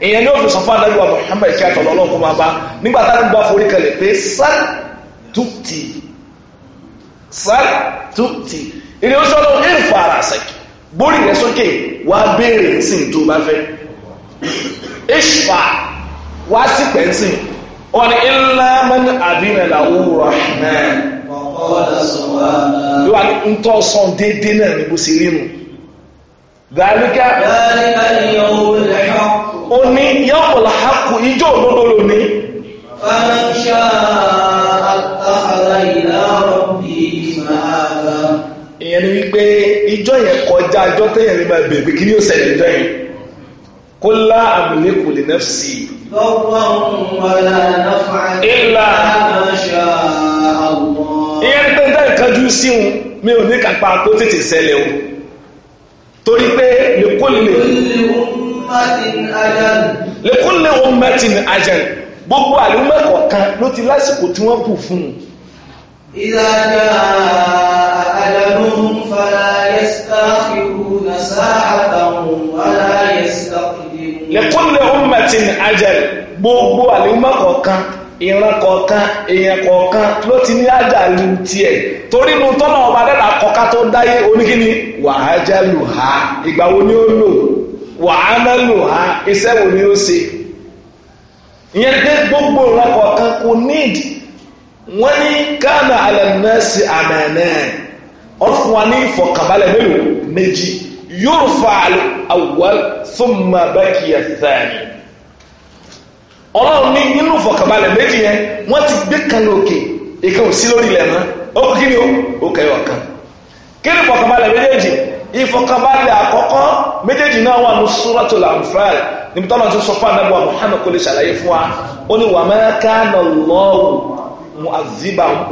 ni ó fi sọ fún adájọ́ Muhammad kí àtọ̀lọ́ ọlọ́run bá nígbà tá a forí kalẹ̀ pé sal tuti oṣù ọlọ́run ara gbórí sókè wá béèrè tó bá fẹ́ wọ́n ilá mẹ́ni àdínàlá òwúrọ̀ náà yóò wá ń tọ́ sọ déédéé náà ní bó ṣe rí nù gbàríkà ó ní yọ́pọ̀lá hapù ijó òdodo ló ní ìyẹn ni wípé ijó yẹn kọjá ijó tẹ́yẹ̀ ní máa bèbè kí ni ó ṣẹlẹ̀ ijó yẹn kó lá àmì lẹ́kùn lè nẹ́fṣì ضرا ولا إلا الله ìyẹn pé dá ìkanjú sí un mi ò ní kápá kó tètè ṣẹlẹ̀ o torí pé lèkúlè lèkúlè ummatin ajan gbogbo àlùmọ̀ kọ̀ọ̀kan ló ti lásìkò tí wọ́n kù fún un. إذا جاء أجلهم فلا يستأخرون ساعة ولا يستقدمون lẹ́kúnlé ummatin ajal gbogbo àlùmọ́ kọ̀ọ̀kan ìran kọ̀ọ̀kan èèyàn kọ̀ọ̀kan ló ti ní àjàlù tiẹ̀ torí nu tọ́nà ọba dẹ́ta kọ̀ọ̀kan tó dáyé oníkíní wàhájálù ha ìgbà wo ni ó lò wàhánálù ha iṣẹ́ wo ni ó ṣe ìyẹn gbogbo ìran kọ̀ọ̀kan kò wọ́n ní kánà alẹ́ àmẹ́ẹ̀nẹ́ ọ̀fun wa ní ìfọ̀kànbalẹ̀ mélòó méjì يرفع الأول ثم بكي الثاني ọlọ́run ní inú ìfọ̀kànbalẹ̀ méjì yẹn wọ́n ti gbé kan lókè ìkan ò sí lórí ilẹ̀ mọ́ ó kí ni ó ó kẹyọ kan kí ni ìfọ̀kànbalẹ̀ méjèèjì àkọ́kọ́ méjèèjì náà wà ní níbi sọ fún kò lè ṣàlàyé fún wa ó ní wa ma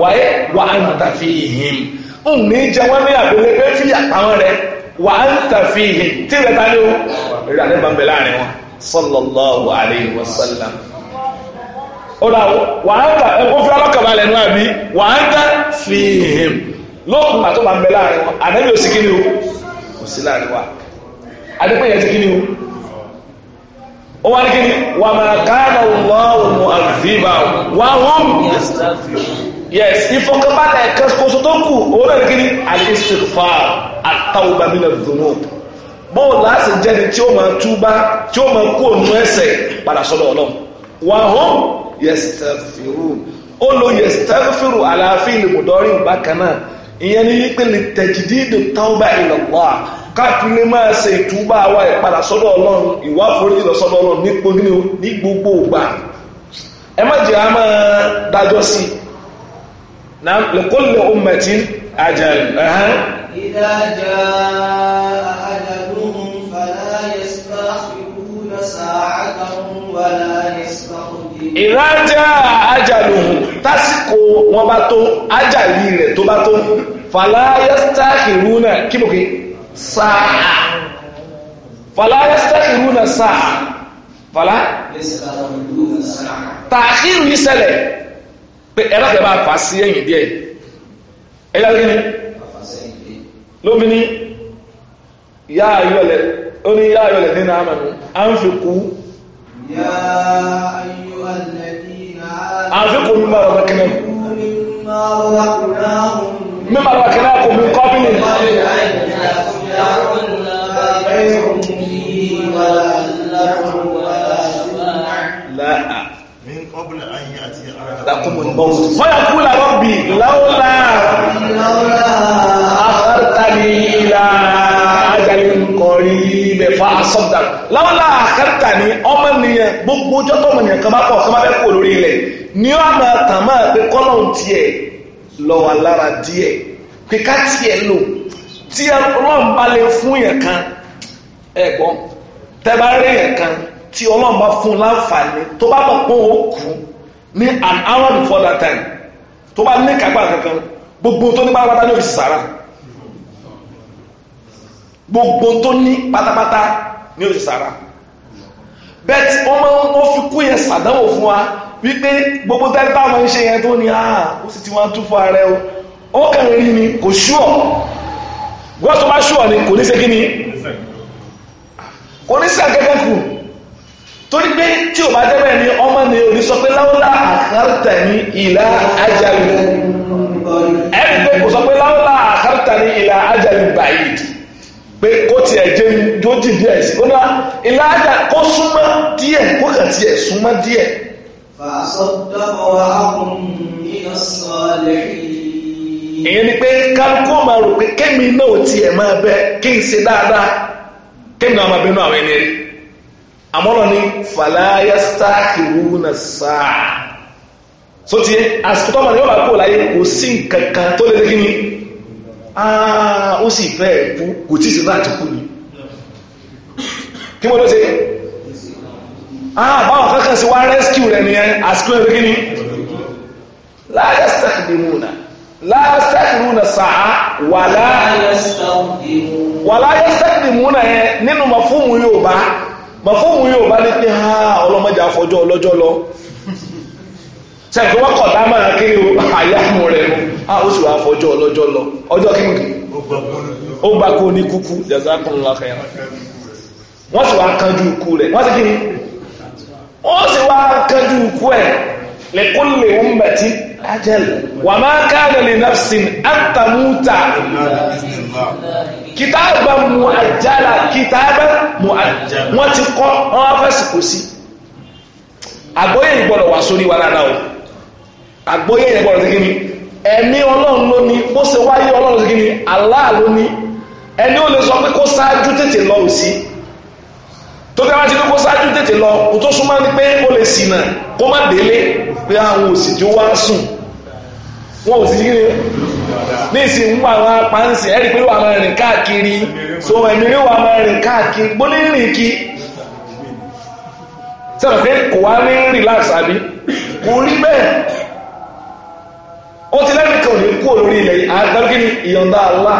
wáyé ń ní jẹ ní wà á ń tàfi ìhìn tí rẹ̀ ta ni ó rí àdé bá ń bẹ láàrin wọn sallallahu alayhi wa sallam ó dà wà á ń tà ẹ̀kọ́ fi ọlọ́kàbà lẹ́nu àbí wà á ń tà fi ìhìn lókun àtọ́ bá ń bẹ láàrin wọn ànábì òsì kí ni ó kò sí láàrin wa adépẹ́ yẹn kí ni ó ó wá ní kí ni wà máa wọ́n mú àzíbà wà wọ́n yes ìfọkànbalẹ̀ kan ṣoṣo tó kù òun náà kiri al-istighfar at láti jẹni tí ó máa túbá tí ó máa kú ònú ẹ̀ṣẹ̀ padà sọ́dọ̀ Ọlọ́run wa hum yastaghfirun ó lo yastaghfiru ala fi'l mudari bákan náà wa ìpadà sọ́dọ̀ Ọlọ́run ìwà نعم لكل أمة أجل أه. إذا جاء أجلهم فلا يستأخرون ساعة ولا يستقدمون إذا جاء أجلهم تسكو وباتو أجل رẹ̀ tó bá tó فلا يستأخرون kí ló ké sáà فلا يستأخرون ساعة فلا يستأخرون ساعة tààkìrù yìí ṣẹlẹ̀ pé ẹ láti bá fà á sí ẹ̀yìn díẹ̀ ẹ yá lẹ́yìn lómi ní yá ayọ̀lẹ̀ nínú àmà mi ń fi kú. yá ayọ̀lẹ̀ nínú àmà mi ń fi kú mímọ̀ ọ̀rọ̀ kẹ́lẹ́. يأخذكم الموت ويقول ربي لولا أخرتني إلى أجل قريب فأصدق لولا أخرتني ọmọnìyàn gbogbo ọjọ́ tọmọnìyàn kan bá kọ̀ kan bá fẹ́ kó lórí ilẹ̀ ní ọ̀nà àtàn máa pé kọ́lọ́hún tiẹ̀ lọ́wọ́ lára díẹ̀ pé ká tí ọlọ́run fún kan ẹ̀gbọ́n tẹ́ bá kan tí ọlọ́run bá fún láǹfààní tó bá mọ̀ pé òun ní an hour before that time tó bá ní kápá kankan gbogbo tó ní pátápátá ní òfìsì sàárà gbogbo tó ní pátápátá ní òfìsì sàárà bẹ́ẹ̀ ó máa ń fi kú yẹn sàdánwò fún wa wípé gbogbo tẹ́lẹ̀ táwọn ń ṣe yẹn tó ní àá ah, ó sì ti wá ń tú fún ara ẹ o ó kàn rí ni kò ṣúọ̀ wọ́n tó bá ṣúọ̀ ni kò ní ṣe kí ni kò ní ṣe àkẹ́kẹ́ kù torí pé tí o bá débẹ̀ ni ọmọ ni o ní sọ pé láwùlá àkàrìtà ní ìlà ajáyé ẹni pé kò sọ pé láwùlá àkàrìtà ní ìlà ajáyé báyìí pé kó tiẹ̀ jẹ́ yóò jì díẹ̀ sí kó náà ìlà ajá kó súnmọ́ díẹ̀ kó kà tiẹ̀ súnmọ́ díẹ̀. ìyẹn ni pé kálukú ọmọ rò pé kémi náà tiẹ̀ máa bẹ kí n ṣe dáadáa kémi náà máa bẹ nú àwọn ẹni àmọ́lọ̀ ní fàlàyé sáàkìrú na sáà so ti àsìkò tọ́mà ní ó bá kó láyé kò sí nǹkankan tó lè gíní àà ah, ó sì fẹ́ ẹ̀kú kò tí sí láti kú ní kí wọ́n ló ṣe àà ah, báwọn kankan sí wá rẹ́skíù rẹ̀ nìyẹn àsìkò lè láyé sáàkìrú na la yastakbiruna sa'a wala wala yastakbiruna ma fóòmù yóò bá ní pé ha ọlọ́mọdé afọjọ́ ọlọ́jọ́ lọ sẹ́kùn wọ́n dá máa kí [laughs] àyàmù rẹ̀ mú a ó sì lọ ọjọ́ kí nìkan ó gbà kó ní kúkú jazakumullahu khairan wọ́n sì wá kánjú ikú rẹ̀ wọ́n sì kí ni wọ́n لكل أمة أجل وما كان لنفس أن تموت كتابا مؤجلا كتابا مؤجلا wọ́n ti kọ́ wọ́n wá fẹ́sìkò sí àgbóyè ìgbọ́dọ̀ wà sórí wa rárá o àgbóyè ìgbọ́dọ̀ sí kíni ẹ̀mí ọlọ́run ló ní bó ṣe wáyé ọlọ́run sí kíni Allah ló ní ẹni ó lè sọ pé kó ṣáájú tètè lọ́rùn sí tó tẹ́ wá ti dúpọ̀ ṣáájú tètè lọ kó tó súnmọ́ ni pé ó lè sì nà kó má délé pé àwọn òsì tó wá sùn wọn ò sì yí ni ní ìsìn ń wà wọn apáǹsì ẹ̀rí pé wà máa rìn káàkiri so ẹ̀mí rí wà máa rìn káàkiri gbólé rìn kí sọ̀rọ̀ pé kò wá ní relax àbí kò rí bẹ́ẹ̀ ó ti lẹ́nu kan ò ní kú olórí ilẹ̀ àgbàgbé ìyọ̀ǹda Allah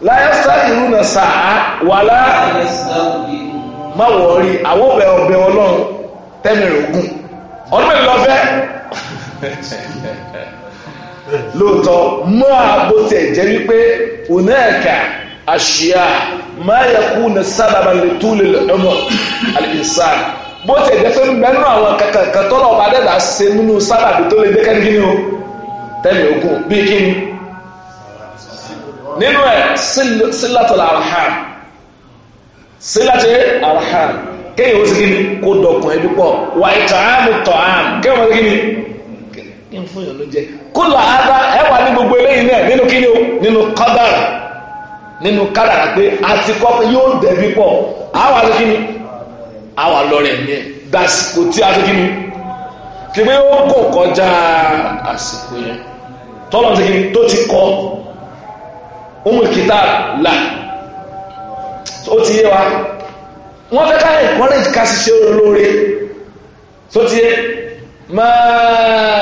láyásá ìlú náà sàá wàlá máa wọ̀ rí àwọn ọbẹ̀ ọbẹ̀ ọlọ́run tẹ́mìrì ogun ọdún mẹ́rin lọ́fẹ́ lóòótọ́ máa bó tiẹ̀ jẹ́ wípé onáàkà àṣìyà máa yẹ kú ní sábàbà lè tú lè lọ́mọ àlìsàn bó tiẹ̀ jẹ́ pé mẹ́nu àwọn kankan tọ́lọ̀ ọba dẹ́dà ṣe nínú sábàbí tó lè dé kẹ́ni tẹ́mìrì ogun bíi kí nínú e, sílátọ̀lá araham sílátẹ̀ araham kéèyàn ó sì kíni kó dọ̀kùn ẹbí pọ̀ wà ìtààmù tọ̀hán kéèyàn ó sì kíni kí n fún yàn ló jẹ kó gbogbo eléyìí náà nínú o nínú nínú kádàrà pé àti kọ́pẹ́ yóò dẹ̀bí pọ̀ àwa àwa ní dasìkò tí a kí pé ó kò kọjá àsìkò yẹn ti kọ́ umul kitab la ó ti yé wa wọ́n fẹ́ ká encourage ká ṣiṣẹ́ olóore tó ti yé máa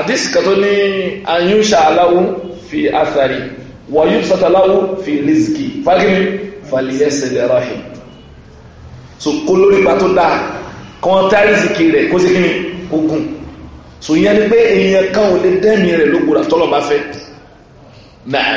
àdísì tó ní àyúnṣà aláwú fi àtàrí wọ̀nyí sàtàláwú fi rizki fagiri valiyesele lẹ́rọ̀hìn so kó lórí ipa tó dáa kan tá rizki rẹ̀ kó sí kíni ogun so ìyẹn ni pé èèyàn kan ò lè dẹ́mi rẹ̀ lókùrà tọ́lọ̀ bá fẹ́ náà.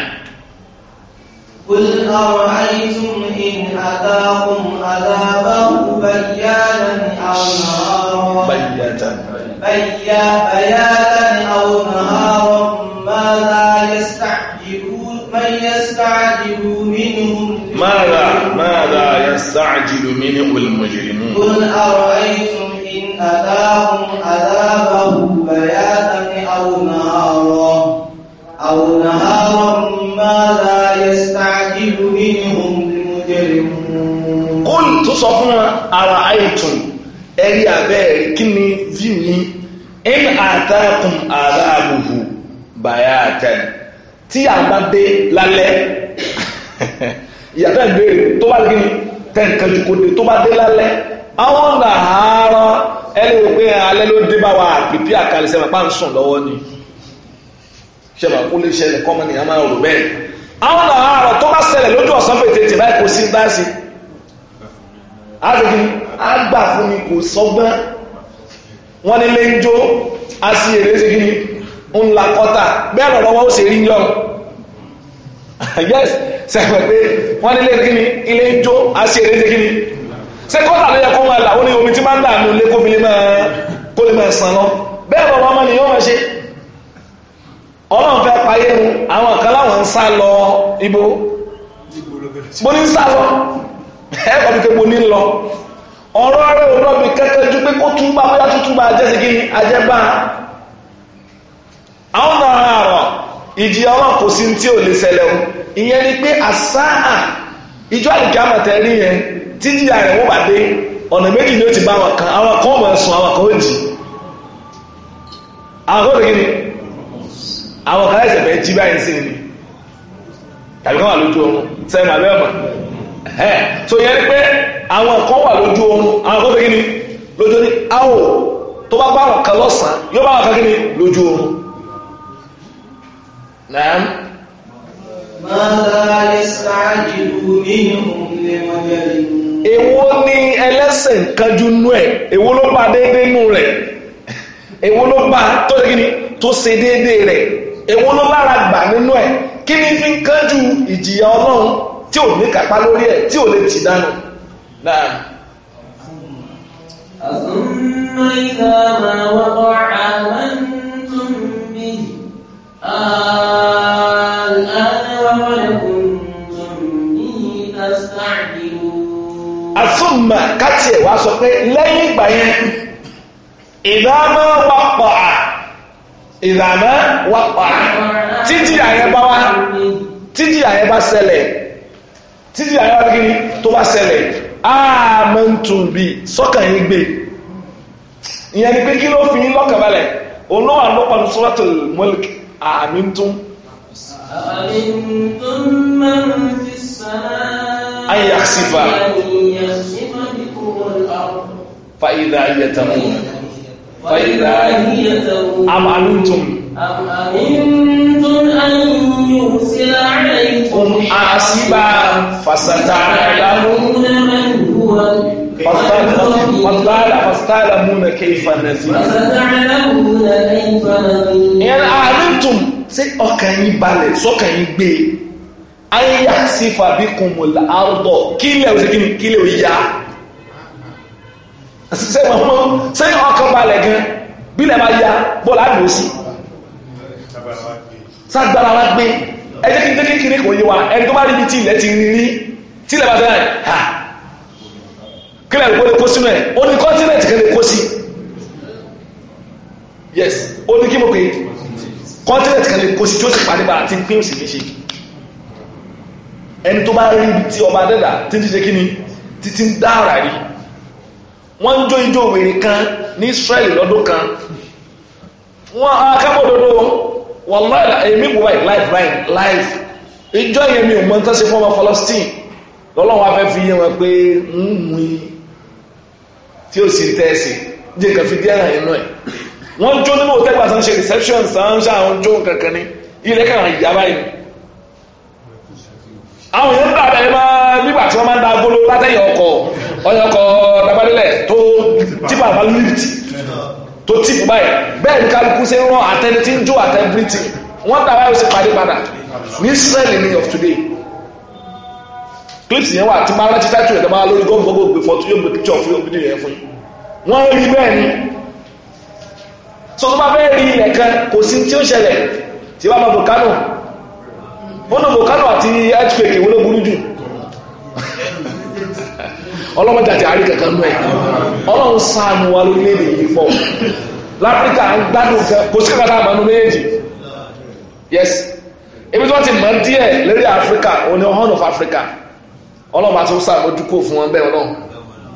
قل أرأيتم إن أتاكم عذابه بيانا أو نهارا بياتا بياتا أو نهارا ماذا يستعجلون من يستعجل منهم ماذا ماذا يستعجل منه المجرمون قل أرأيتم إن أتاهم عذابه بياتا أو نهارا أو نهارا sọ fún wọn ara àìtùn ẹ̀rí abẹ́ kí ni view yín in àtàkùn àdáàbòbò bàyà àtẹn tí a bá dé lálẹ́ [laughs] ìyàtọ̀ ìbéèrè tó bá gbé tẹ̀kẹ́jú kò dé tó bá dé lálẹ́ àwọn ọ̀nà àárọ̀ ẹni wò pé alẹ́ ló dé bá wa àpìpì àkàlẹ̀ sẹ́wọ̀n pa ń sùn lọ́wọ́ ni ṣẹ̀wọ̀n kó lè ṣẹlẹ̀ kọ́mọ nìyẹn rò bẹ́ẹ̀ àwọn ọ̀nà àárọ̀ tó bá ṣẹlẹ̀ lójú ọ̀sán fètè tì báyìí kò sí dáàsì àṣẹ́kí àgbà fún mi kò sọ́gbọ́n wọ́n nílé ń jó a sì èrè ṣe kí ni ń la kọ́ta bẹ́ẹ̀ lọ́rọ̀ ó ṣe rí yọ [laughs] yes sẹ́gbẹ̀ pé wọ́n nílé kí ni ilé ń jó a sì èrè ṣe kí ni ṣe kọ́ta ló yẹ kó máa là ó ní omi tí máa ń dànù lé kó fi lè máa sàn lọ bẹ́ẹ̀ lọ́rọ̀ ọmọ nìyẹn wọ́n ṣe ọlọ́run fẹ́ payé mu àwọn kan láwọn ń sá lọ ibo bó ní ń sá lọ ẹ̀kọ́ bí képo ní lọ ọ̀rọ̀ ara òrọ̀ bí kẹ́kẹ́ ju pé kó túnbà bóyá túnbà ajẹ́sí kí ni ajẹ́bá àwọn náà àrọ̀ ìjìyà wọn kò sí tí ò lè ṣẹlẹ̀ o ìyẹn ni pé àsáà ìjọ àdìgá àmọ̀tẹ́ rí yẹn tíjìyà rẹ̀ wọ́n wà dé ọ̀nà méjì ni ó ti bá àwọn kan àwọn kan ó máa sùn àwọn kan ó jì àwọn kan ó lè kí ni àwọn kan ẹsẹ̀ so yẹn pé àwọn kan wà lójú oorun àwọn kan tó kí ni lójú ní áwò tó bá bá àwọn kan lọ́sàn-án yóò bá àwọn kí ni lójú oorun Naam. Mọ́lá ìsáàjìbù nínú Èwo ni ẹlẹ́sẹ̀ kanjú nú ẹ̀, èwo ló bá déédé nú rẹ̀, èwo ló bá tó ṣe kíni tó ṣe déédé rẹ̀, èwo ló bára gbà nínú ẹ̀, kí ni fi kanjú ìjìyà Ọlọ́run tí ò ní kápá lórí ẹ̀ tí ò lè tì dànù náà. àtúntò ìgbà máa wọ́pọ̀ àwọn tó ń bí àtúntò káti ẹ̀ wá sọ pé lẹ́yìn ìgbà yẹn ìdáná wọ́pọ̀ à ìdáná wọ́pọ̀ à títí àyẹ̀bá wa títí àyẹ̀bá ṣẹlẹ̀ títí àyà bí tó bá ṣẹlẹ̀ àmọ́ bí sọ́kàn yín ìyẹn ni pé kí ló fi yín lọ́kàn balẹ̀ òun náà wà lọ́pàá ní Suratul Mulk àmì ń tún. أأمنتم من في فستعلمون فستعلمون كيف نزيد فستعلمون كيف نزيد إن أعلمتم ṣé ọkàn yín balẹ̀ sọ́kàn yín gbé ayá sí fàbíkùnmù láàrùdọ̀ kílẹ̀ òsìkí ní kílẹ̀ òyíyá ṣé ọkàn balẹ̀ gan bílẹ̀ bá yá bọ́ọ̀lá àdìsí ságbára wá gbé ẹ jẹ́ kí n jẹ́ kí kiri kò yé wa ẹni tó bá rí ibi tí ilẹ̀ ti rí tí ilẹ̀ bá ha kí lẹ́yìn kó lè kó sínú ẹ̀ ó ní continent kan lè kó sí yes ó ní kí mo pè continent kan lè kó sí tí ó sì pa nípa àti pín òsì méṣe ẹni tó bá rí ibi tí ọba dẹ́dà tí ti ṣe kí ni títí ń dá ara rí wọ́n ń jó ijó wèrè kan ní Israel lọ́dún kan wọ́n akábọ̀dọ́dọ́ wàláì èmi wò báyìí láì báyìí láì ìjọ yẹn mi ò mọ nítorí fún ọmọ Palestine lọ́lọ́run wá fẹ́ fi yé wọn pé ń mú i tí ó sì ń tẹ́sí jẹ́ kàn fi díẹ̀ hàn inú ẹ̀ wọ́n jó nínú òtẹ́gbà sàn ṣe reception sàn ṣe àwọn jó kankan ní ilẹ̀ kan ìyá báyìí àwọn èèyàn bá abẹ́rẹ́ máa nígbà tí wọ́n máa ń da agolo látẹ̀yìn ọkọ̀ ọyọkọ̀ dábàdílẹ̀ tó jípa tó tì fún báyìí bẹ́ẹ̀ ni kálukú ṣe ń rán àtẹni tí ń jó àtẹ britain wọ́n tà báyìí ó parí padà ní Israel ni of today clips yẹn wà tí máa rántí tátù ẹ̀dá máa lórí gómìnà gbogbo gbé fọ́tò yóò gbé picture fún yóò gbé yẹn fún yín wọ́n rí bẹ́ẹ̀ ni sọ tó bá fẹ́ rí ilẹ̀ kan kò sí tí ó ṣẹlẹ̀ tí wọ́n máa bò kánò ó lò bò àti earthquake ìwé burú jù ọlọ́mọdé àti àárín kankan lọ ọlọ́run sáànù wa lórílẹ̀-èdè yìí pọ̀ láfíríkà ń gbádùn fẹ́ kò sí yes ebi tí wọ́n ti mọ̀ díẹ̀ lórí áfíríkà òní horn of africa ọlọ́run àti sáà mo dúkò fún wọn bẹ́ẹ̀ ọlọ́run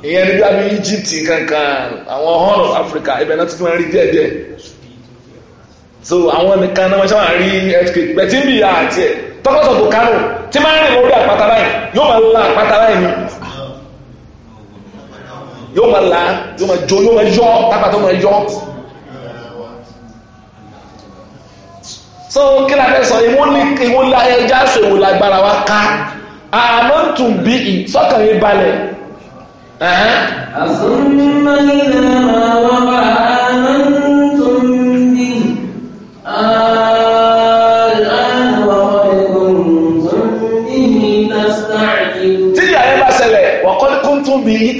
ìyẹn níbi kankan àwọn horn of africa ibẹ̀ náà tuntun rí díẹ̀ díẹ̀ so àwọn nìkan náà wọ́n rí earthquake ń bì yà àti ẹ̀ tí yóò máa là yóò máa jó yóò máa yọ tápà tó máa yọ. so kí la fẹ́ sọ ìwọ la ẹja sọ ìwọ lágbára wa ká àmọ́ tún bí i sọ́kàn yín balẹ̀. àsọ̀nìmọ̀ ìlànà wà bá àmọ́ tún bí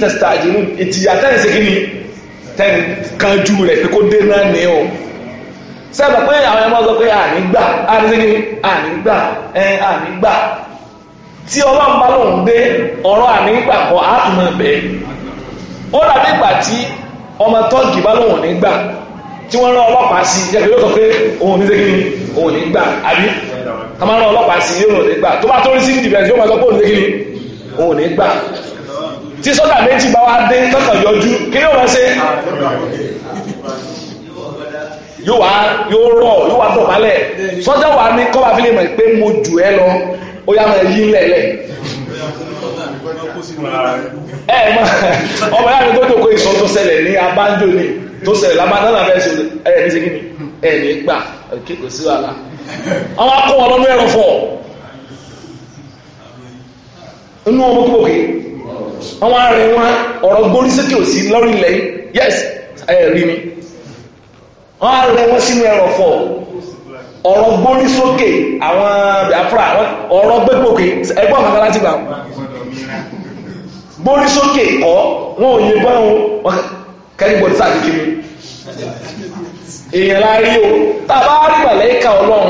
tẹ̀sítà àjẹnú ìtìyà tẹ́ ẹ̀ ṣe kí ni tẹ́ ẹ̀ kanjú rẹ̀ pé kó dé náà ní o sábà pé àwọn ẹmọ sọ pé ànígbà àníṣe kí ni ànígbà ẹ ànígbà tí ọlọ́run bá lòun dé ọ̀rọ̀ ànígbà kọ àtúmọ̀ bẹ́ẹ̀ ó dàbí ìgbà tí ọmọ tọ́ọ̀gì bá lòun nígbà tí wọ́n rán ọlọ́pàá sí jẹ́ yóò sọ pé òun ní sékìní òun ní gbà àbí a máa rán ọlọ́pàá sí yóò ní gbà tó bá tó rí sí ìdìbẹ̀ yóò máa sọ pé òun ní tí sọ́jà méjì bá wá dé tọ́kàn yọjú kí ni ó wọ́n ṣe yóò wá yóò rọ̀ yóò wá dọ̀bálẹ̀ sọ́jà wà ní kọ́ba fi lè mọ̀ pé mo jù ẹ lọ ó yá máa yí lẹ̀lẹ̀ ẹ mọ ọmọ yàrá mi tó tó kó ìsọ tó ṣẹlẹ̀ ní abánjó ni tó ṣẹlẹ̀ lábánjó náà fẹ́ ṣe ẹ̀ ní ṣe kí ni ẹ̀ ní gbà kí kò sí wàhálà àwọn akọ́ wọn ẹ̀rọ fọ̀ inú ọmọ tó kò kéé àwọn arẹ wọn ọ̀rọ̀ gbórí sókè òsì lọ́rùn ilẹ̀ yes ẹ̀rí ni wọ́n arẹ wọn sínú ẹrọ̀fọ̀ ọ̀rọ̀ gbórí sókè àwọn àfúrà ọ̀rọ̀ gbégbòkè ẹgbọ́n kankan láti gbà gbórí sókè kọ́ wọn ò yẹ bá wọn kẹ́rìbọ̀dì sáà kékeré èèyàn láàrí o tàbá rí màlẹ́kà ọlọ́run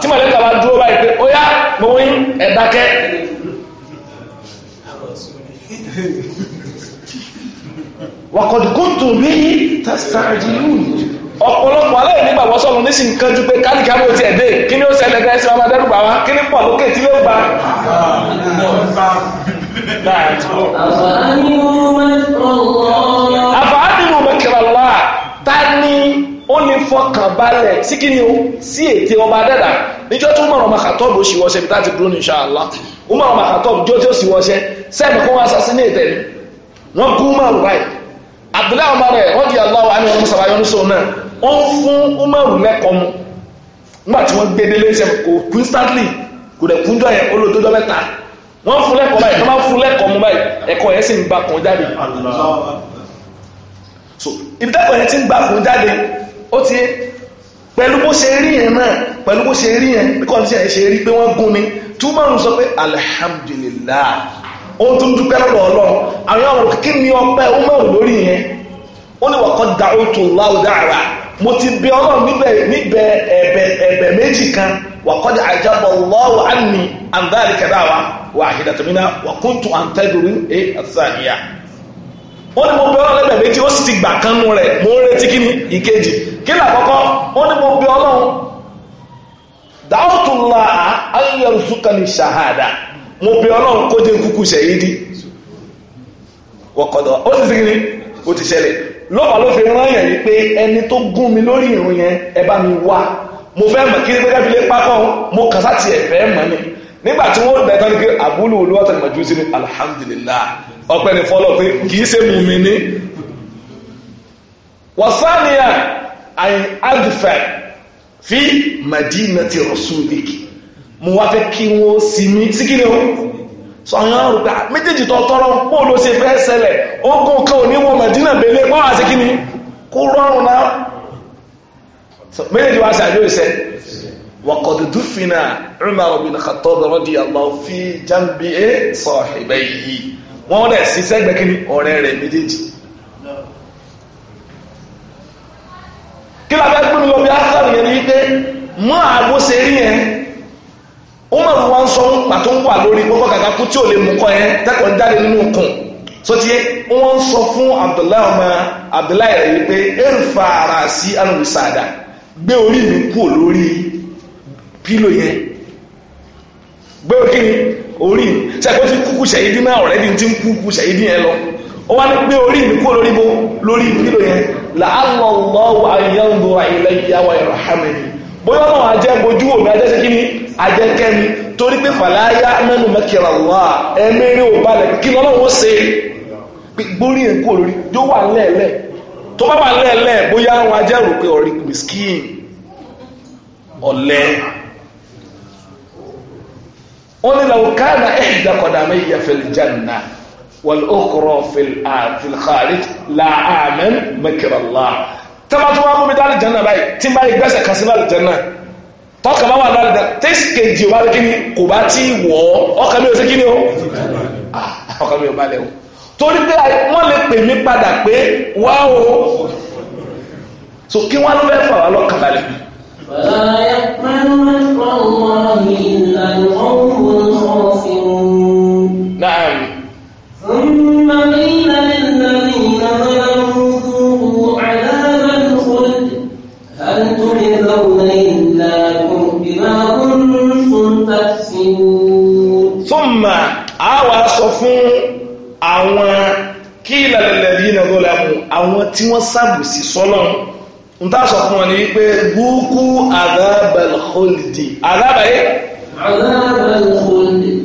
tí màlẹ́kà bá dúró báyìí pé ó yá mo ń ẹ̀dákẹ́ wàkọ̀dì kúntù bí i tàstàjìlú ọ̀pọ̀lọpọ̀ alẹ́ nígbàgbọ́ sọ́lọ ní sì ń kánjú pé káàkiri ti ẹ̀dẹ́ kí ni ó ṣẹlẹ̀ gẹ́ẹ̀sì ọmọ adẹ́rùgbà wá kí ni pọ̀ lókè tí ó gba àfàánimù mẹ́kìrànlá ta ni ó ní fọkàn balẹ̀ sí kí ni o sí ète ọba dẹ́dà níjọ́ tó mọ̀ràn ọmọ kàtọ́ọ̀bù ó sì wọṣẹ́ bí táti dúró ní ṣáàlá ó mọ̀ràn ọmọ kàtọ́ọ̀bù jó tí ó sì wọṣẹ́ sẹ́ẹ̀mì kó wọ́n asásíné ìtẹ̀ ni wọ́n kú mọ̀rù báyìí Abdullahi ọmọ rẹ̀ wọ́n di aláwọ̀ àmì ọmọ sàbáyọ ní sòun náà ó ń fún Umaru lẹ́kọ̀ọ́ mu nígbà tí wọ́n gbé délé iṣẹ́ kò constantly kò dẹ̀ kúnjọ́ yẹn ó lò tó jọ́ mẹ́ta wọ́n fún lẹ́kọ̀ọ́ báyìí wọ́n máa fún lẹ́kọ̀ọ́ mu báyìí ẹ̀kọ́ yẹn sì ń gba kàn jáde so ìdẹ́kọ̀ọ́ yẹn ti ń gba kàn jáde ó ti pẹ̀lú bó ṣe rí yẹn náà pẹ̀lú bó ṣe rí yẹn bí kọ́ńtì yẹn ṣe rí pé wọ́n gún ni túmọ̀ ń sọ pé alhamdulillah ó tún dúpẹ́ lọ́wọ́ ọlọ́run àwọn ọmọ kí ni ọpẹ́ ó mọ̀ lórí yẹn ó ní wọ́n kọ́ da òtún láwùdá ara mo ti ó ní mo bẹ ọlọ́run lẹ́bẹ̀ méjì ó sì ti gbà kan nù rẹ̀ mo ń retí kí ni ìkejì kí ni àkọ́kọ́ ó ní mo bẹ ọlọ́run dáwọ́tò ńlá ayélujára ṣàhádà mo bẹ ọlọ́run kó jẹ́ kúkú ṣẹ̀yídì wọ́kọ̀dọ̀ ó sì sí ni ó ti ṣẹlẹ̀ lọ́pàá ló fi rán yẹn pé ẹni tó gún mi lórí ìrun yẹn ẹ bá mi wá mo fẹ́ mọ̀ kí ni pẹ́ẹ́bí lé pákọ́ mo kàn sáti ẹ̀fẹ́ mọ̀ ni nígbà tí wọ́n dẹ̀ tán ni pé àbúlù olúwàtàn mọ̀jú sí ni alhamdulillah ọpẹ́ ní fọ́lọ̀ pé kìí ṣe mú mi ní wàsáníà àyìn adìfẹ́ fi madina ti rọ̀súlìkì mo wá fẹ́ kí wọ́n sí mi sí kí ni ó sọ àwọn àrùgbà méjèèjì tó tọrọ pọ́ ló ṣe fẹ́ ṣẹlẹ̀ ogun kan ò ní wọ madina belé pọ́ àti kí ni kó rọrùn náà méjèèjì wá sí àjọ ìṣẹ́ وقد دفن عمر wọ́n rẹ̀ sí sẹ́gbẹ̀ẹ́ kí ni ọ̀rẹ́ rẹ̀ méjèèjì kí la fẹ́ gbónú lọ bí ásàrù yẹn ní pé mọ́ àgbo ṣe rí yẹn ó wọ́n sọ pàtó ń wà lórí gbogbo kàkà kú tí ò lè mú kọ yẹn fún Abdullahi ọmọ Abdullahi wípé ara sí gbé orí mi kú lórí pílò yẹn orí mi sẹ́kọ́ ti kúkú ṣẹ̀yídí náà ọ̀rẹ́dì ti ń kúkú ibi yẹn lọ ó wá ní pé orí mi kúrò lórí bo lórí kílò yẹn làálọ̀lọ́wọ́ àyẹ̀wò àìlẹ̀ ìyáwó ìrọ̀hámẹ́ni bóyá náà ajẹ́ bojú omi ajẹ́ sí kíní ajẹ́ kẹ́ni torí pé fàlàyà wà ò kí lọ́lọ́wọ́ ṣe gbórí yẹn kúrò lórí yóò wà tó bá wà oni law kana ihda qadamayya fil janna wal ukhra fil fil kharij la aman makra allah tama to wa ko mi dal janna báyìí tin báyìí gbèsè kan sí dal janna to ka ba wa dal da tes ke ji wa kini ko ba ti wo o ka mi o ṣe kini o ah mi o ba le o torí pé wọ́n lè pè mí padà pé wá o so kí wọ́n ló fẹ́ fà wá lọ́kàn balẹ̀. Fọlá wà sọ fún àwọn kí ìlàlẹ̀lẹ̀ yìí nà ló lẹ́mú àwọn tí wọ́n sábùsì sọ́lọ̀ ń tá sọ fún wọn ni wípé búkú àdábàl hólìdì àdábàyé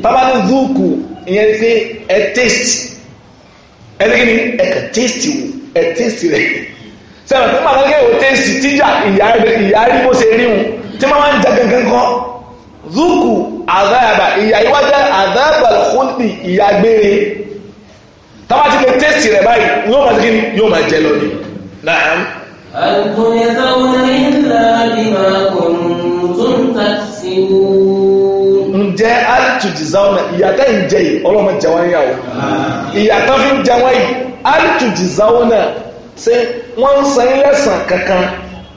tábàlì búkú ìyẹn pé ẹ tẹ́sì ẹlẹ́gìní ẹ̀kà tẹ́sì wò ẹ tẹ́sì rẹ̀ sẹ́wọ̀n tó máa lọ́gẹ́ ìwò tẹ́sì tíjà ìyá rí bó ṣe rí tí máa ń jẹ gangan kan zuku azaba ìyà yìí wá jẹ́ azaba lọ́kùnrin ìyà gbére táwa ti lè tẹ́sì rẹ̀ báyìí yóò máa jẹ́ yóò máa jẹ lọ́ni. Àlùkùnrin sáwọn ilẹ̀ àbímá kò tún tàkì ǹjẹ́ alìtùjìzáwọ̀nà ìyàtọ̀ ìjẹ́ yìí ọlọ́mọ jẹwọ́n yà ó ìyàtọ̀ fi jẹwọ́n yìí alìtùjìzáwọ̀nà ṣé wọ́n ń san ilẹ̀sàn kankan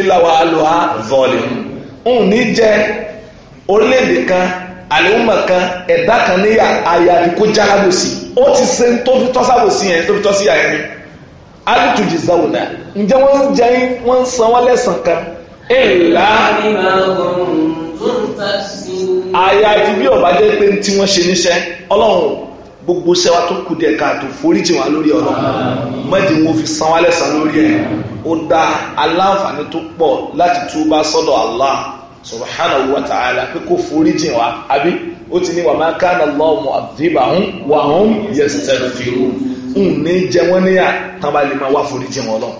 ìlàwà alùhà zọ̀ọ̀lì ń ní jẹ́ orílẹ̀-èdè kan ala kan ẹ̀dá kan níyà àyàfi kó ja ó ti ṣe tó fi tọ́ sábòsí yẹn tó fi tọ́ sí yà alùtùjì zawùdà ǹjẹ́ wọ́n ń jẹ́ wọ́n ń san wọ́n lẹ́sàn kan èèlà àyàfi bí ọba jẹ́ pé tí wọ́n ṣe níṣẹ́ ọlọ́run gbogbo sẹ́wà tó kù díẹ̀ káàtó foríjì wá lórí ọlọ́run ó dá aláǹfààní tó pọ̀ láti túbá sọ́dọ̀ Allah subhanahu wa ta'ala pé kó forí jìn wá àbí ó ti ní wa ma kana Allahu mu'adhibahum wa hum yastaghfirun ń ní jẹ wọ́n níyà tán máa wá forí jìn wọn lọ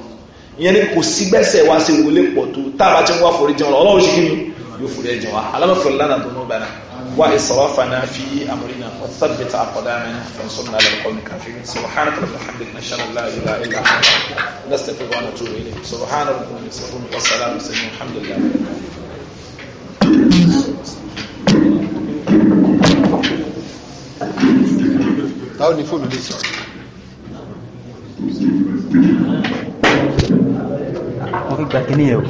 ìyẹn ni kò sí gbẹ́sẹ̀ wá sí wọlé pọ̀ tó tá a bá ti ń wá forí jìn wọn lọ ọlọ́run ṣe kí ni yóò forí jìn wá alámọ̀fẹ́ lánàá tó náà bẹ̀rẹ̀ وإصرافنا في أمرنا وثبت أقدامنا فانصرنا على القوم الكافرين سبحانك اللهم وبحمدك نشهد أن لا إله إلا أنت نستغفرك ونتوب إليك سبحان ربنا يصفون والسلام عليكم الحمد لله How do you follow this? Mo fi gbà kíní yẹn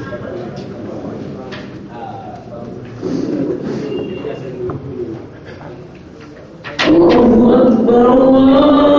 أكبر الله